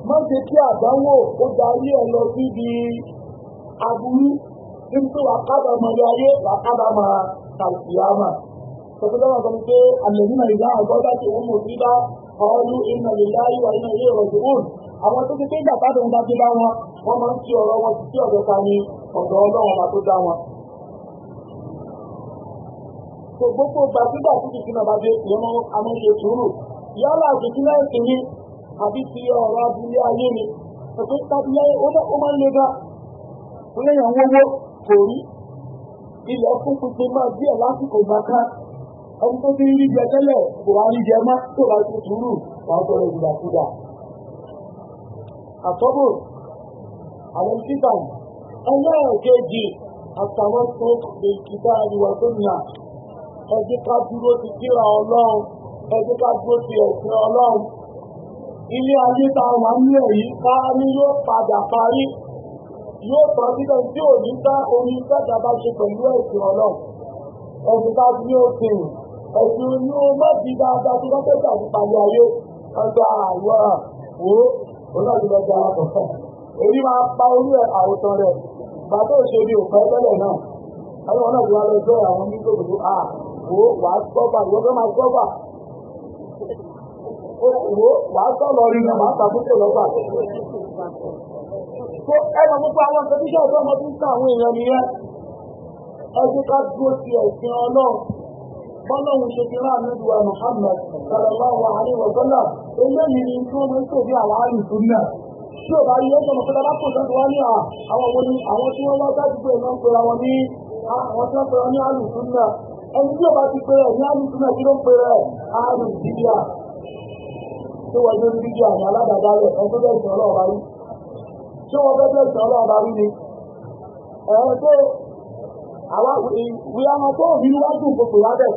Speaker 1: má kí àdánwò ó darí ẹ lọ síbi aburú nítorí wàkádà máa yọ ayé wàkádà máa kàlùkìyàmà sọ̀tọ́tọ́ náà sọ pé àlẹ́yìn náà ìdá àgbọ́dá tí wọ́n mọ̀ sí bá ọlú iná ìlà ìwà iná ilé ìrọ̀jù àwọn tó ti pé gbàgbá tó ń bá ti bá wọn wọ́n máa ń fi ọ̀rọ̀ wọn sí ọ̀dọ̀ ọ̀dọ̀ tó dá wọn. gbogbo gbàgbígbà náà bá dé ìyẹn àbí ti ọ̀rọ̀ abúlé ayé ni ọ̀tọ́ tàbí ayé ó dẹ́ ó máa ń le gan ó lẹ́yìn owó kò rí ilẹ̀ fún pínpín máa díẹ̀ lásìkò ìgbà kan ẹni tó ti ń rí jẹ tẹ́lẹ̀ kò wá rí jẹ má tó bá ti sùúrù wàá sọ rẹ̀ àtọ́bò àwọn títà ẹlẹ́ẹ̀kejì àtàwọn tó lè kíkà àríwá tó nà ẹ ká dúró ti kíra ọlọ́run ẹ ká dúró ti ẹ̀sìn ọlọ́run ilé ayé tá a wà nílẹ̀ yìí parí yóò padà parí yóò tọ́ síbẹ̀ tí ò ní bá omi sẹ́ta bá ṣe pẹ̀lú ẹ̀sìn ọlọ́run ẹ̀sìn tá a ti ní òfin ẹ̀sìn ní o má bí dáadáa tó bá tẹ̀sà ti parí ayé ọjọ́ àwọ̀ wo olóògbé lọ́jọ́ èyí máa pa orí ẹ̀ àwòtán rẹ̀ bàtà òṣèlú òkè tẹ́lẹ̀ náà ẹ̀rọ náà ti wá lọ sọ́ọ̀ àwọn oníṣòwò wo wàá sọ́ọ̀bà òwò wàá sọ̀rọ̀ rí náà wàá sàkóso lọ́gbà. tó ẹnu gbogbo àwọn ìṣẹ́jú ọ̀dọ́ ọmọ tí ń ta àwọn èèyàn nìyẹn ẹjẹ́ ká dúró ti ẹ̀sìn ọlọ́run bọ́lọ́run ṣe ti ráàmì ìwà Muhammad sallallahu alaihi wa sallam eléyìí ni tó ń tó bí àwọn àlùfún náà tí ò bá yí ó sọ̀rọ̀ pẹ́ta bá pọ̀ sọ́dọ̀ wá ní àwọn wo ni àwọn tí wọ́n wá sáájú pé ìmọ̀ ń pera wọn ní àwọn tí wọ́n pera ní àlùfún náà ẹni tí ò bá ti pera ní àlùfún náà kí ló ń pera àlùfún náà tó wọ́n tó ń bí díà ní aládàdálẹ̀ ẹ̀ tó bẹ̀rẹ̀ sọ̀rọ̀ ọ̀bá rí tí wọ́n bẹ̀rẹ̀ sọ̀rọ̀ ọ̀bá rí ni ẹ̀rọ tó àwa ìwéyàmọ̀ tó òbí wá dùn gbogbo wá bẹ̀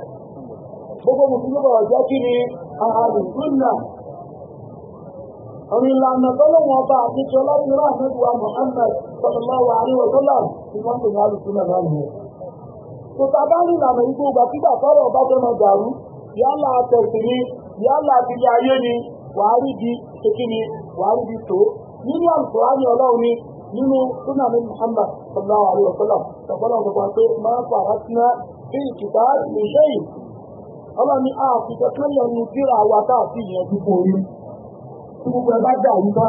Speaker 1: gbogbo mùsùlùmí bọ̀rọ̀ jẹ́ kí ni àdùnkúnnà ọ̀rìn ìlànà tó lóun ọba àtijọ́ ọlọ́dún rà nígbà Muhammad sallallahu alaihi wa sallam tí wọ́n ní alùsùnà náà ní ìlànà igbó gbàkígbà yálà àtẹ̀sí ni yálà àtìlẹ̀ ayé ni wàárí di kékeré wàárí di tó nínú àlùkòránì ọlọ́run ni nínú súnà Muhammad sallallahu alaihi wa sallam ṣọ̀gbọ́n ọ̀gbọ̀n pé máa ń fara síná bí ìkìtà lè ṣe yìí ọlọ́run ni ààfin kankan lọ nu kíra wa káàkiri yẹn ti kò rí tí gbogbo ẹ bá dà yìí bá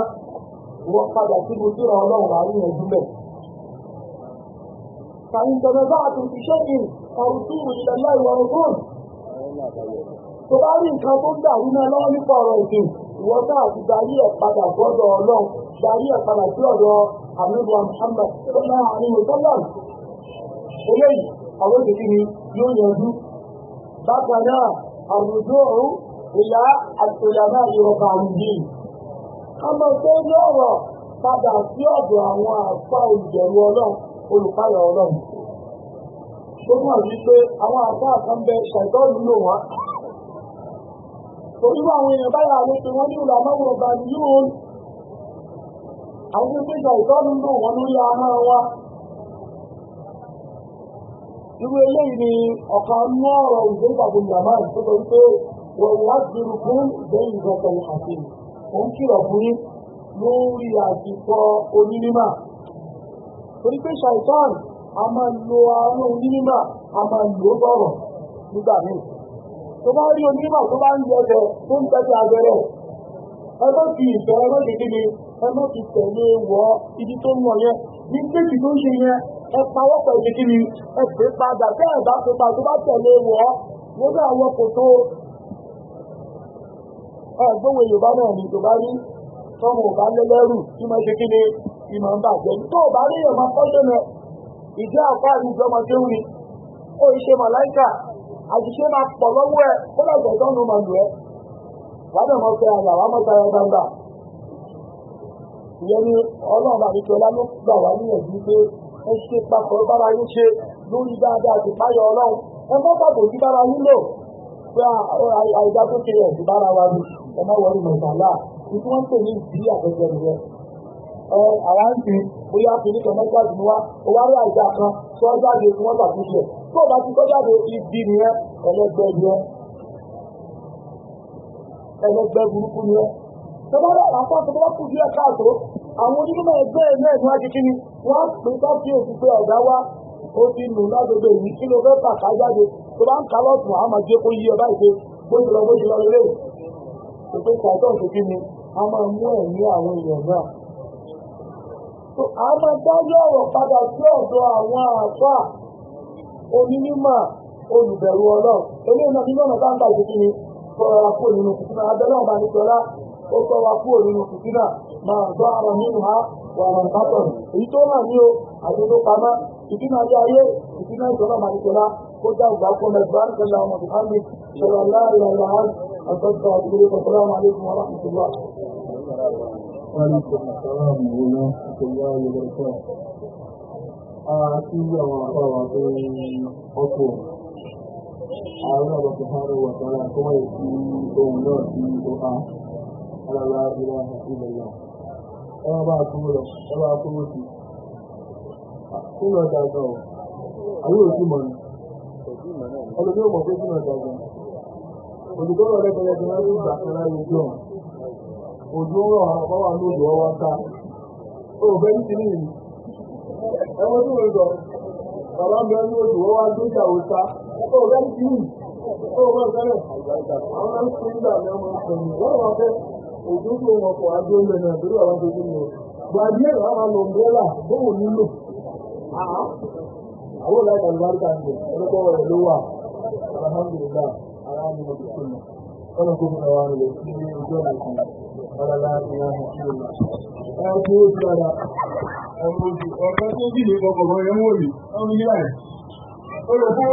Speaker 1: wọ́n padà sínú kíra ọlọ́run àárín yẹn jùlọ. فإن تنازعتم في شيء فردوه إلى الله ورسوله tó bá rí nǹkan tó ń dàrú náà lọ́wọ́ nípa ọ̀rọ̀ ìsìn ìwọ náà ti darí ẹ̀ padà sọ́dọ̀ ọlọ́run darí ẹ̀ padà sí ọ̀dọ̀ àmúlò Muhammad sọ́nà àrin ìtọ́lá eléyìí àwọn òṣèlú ni yóò yanjú bákan náà àwùjọ òun ìlà àtòlámà ìrọ̀bà àwùjọ ọmọ tó ní ọ̀rọ̀ padà sí ọ̀dọ̀ àwọn àfa olùjẹ̀rù ọlọ́run olùpáyọ̀ ọlọ́run tó mọ̀ wípé àwọn àfa àkànbẹ ṣàìtọ́ lò wọ́n torí àwọn èèyàn báyà ló pe wọ́n ní ìlànàwò ọba ni yóò rí àwọn pípéjọ ìtọ́nu lò wọ́n lórí ara wa irú eléyìí ni ọ̀kan ní ọ̀rọ̀ ìgbésà tó yàmá tó sọ wípé wọ́n wá gbèrú fún ìgbẹ́yìn ìgbọ̀tọ̀ ìhàtì òun kìlọ̀ fún yín lórí àsìkò onímímà torí pé ṣàìtàn a máa lo àwọn onímímà a lò ó bọ̀rọ̀ nígbà míì tó bá rí onímọ̀ tó bá ń yẹ ẹsẹ̀ tó ń tẹ́tẹ́ abẹ́rẹ́ ẹ má ìfẹ́ ẹ má fi kíni ẹ má tẹ̀lé wọ ibi tó ń yẹn ní kéèkì tó ń ṣe yẹn ẹ pawọ́ pẹ̀lú kíni ẹ pè padà tẹ́ ẹ bá pè padà tó bá tẹ̀lé wọ lórí àwọn kòtò ẹgbọ́wọ̀ Yorùbá náà ní Yorùbá rí tọ́mù ọ̀bá lẹ́lẹ́rù tí máa ṣe kíni ìmọ̀ ń bàjẹ́ tó ọ̀bá rí èèyàn máa kọ́ ìdí àpá àṣìṣe máa pọ̀ lọ́wọ́ ẹ̀ kó lọ́sẹ̀ tó ń mọ̀ lù ẹ́ wàá bẹ̀ mọ́ fẹ́ àgbà wàá mọ́ sára gbangba ìyẹn ni ọlọ́run àdìsọ́lá ló gbà wá níyànjú pé ẹ ṣe papọ̀ bára yín ṣe lórí dáadáa ti páyọ̀ ọlọ́run ẹ mọ́ pàtó sí bára yín lò pé àìdá tó ṣe ẹ̀sìn bára wa ni ẹ má wọrí mọ̀tàlá ní tí wọ́n ń pè ní ìdílé àtẹ̀tẹ̀ nìyẹn àwọn ń fi bóyá kìíní kan mọ́tàlá wa ó wá rí àìdá kan tí wọ́n jáde tí wọ́n ṣàtúnṣe tó o bá ti kọjá lọ ibi nìyẹn ẹlẹgbẹ́ nìyẹn ẹlẹgbẹ́ burúkú nìyẹn. tọ́lá àpá tó bá kú díẹ̀ káàtó àwọn onímọ̀ ẹgbẹ́ náà ní wájú wọ́n pè ká sí pé ọ̀gá wá ó ti nù lágbègbè yìí kí ló fẹ́ jáde tó bá ń ka àwọn kó yí ọba lọ lọ a máa a padà sí ọ̀dọ̀ àwọn àfáà onímọ̀ olùbẹ̀rù ọlọ́run eléyìí náà nínú ọ̀nà tá à ń gbà ìdíkí ni sọ̀rọ̀ wa kúrò nínú kùtùnà abẹ́lẹ́ ọ̀bá ní sọlá ó sọ wa kúrò nínú kùtùnà máa gbọ́ àrọ̀ nínú ha wà rọ̀ nǹkan èyí tó náà ní o àti tó pamọ́ kùtùnà ayé ayé kùtùnà ìsọ̀rọ̀ ọ̀bá ní sọlá kó dá ìgbà kó mẹ́gbàá ń sọlá ọmọ bùhámi sọlá láàrin ọ̀la
Speaker 3: àtọ́jọ́ àdúgbò sọ̀rọ̀ ọmọ alẹ́ fún wa láti sọlá ara tí àwọn àpá wa tó ń ọkọ̀ ààrẹ ọ̀pọ̀ ààrẹ wà sára tó wáyé sí ohun náà sí ó á alára ìlà ìlẹ̀ yà ẹwà bá kúrò lọ ẹwà kúrò sí nínú ọjà gan ọ ayé òsì mọ̀ ní ọlọ́dún ọmọ pé nínú ọjà gan olùkọ́ ọ̀rẹ́ bẹ̀rẹ̀ ti láti gbà kan láyé jọ òjò ń rọ̀ àwọn àpá wa lóòjọ́ wa ká ó fẹ́ ní ti ẹwọ́n tí mo sọ bàbá mi ẹni oṣù wọn wá gbé ìyàwó sá ó rẹ́ sí i ó rẹ́ sẹ́lẹ̀ àwọn ẹni tó ń gbà ní ọmọ ìṣẹ̀lẹ̀ wọ́n wọ́n fẹ́ òjò tó wọn kọ̀ adó ilẹ̀ náà torí àwọn tó ti lọ gbàdí ẹ̀rọ àwọn lòmbrẹ́là bóun nílò àwọn ọ̀làjà lùbáríkà ń bẹ̀ ẹlẹ́gbọ́ rẹ̀ ló wà alhamdulilayi alhamdulilayi bisimilá kọ́nà kó fún wa rẹ̀ sí ojú ọ̀nà kan ọ̀làjà ìyá ẹ̀kú ó ti dára ẹ̀kọ́ tó bí lè kọkọ̀ mọ́ ẹmọ́ òrì ọmọ
Speaker 1: ilẹ̀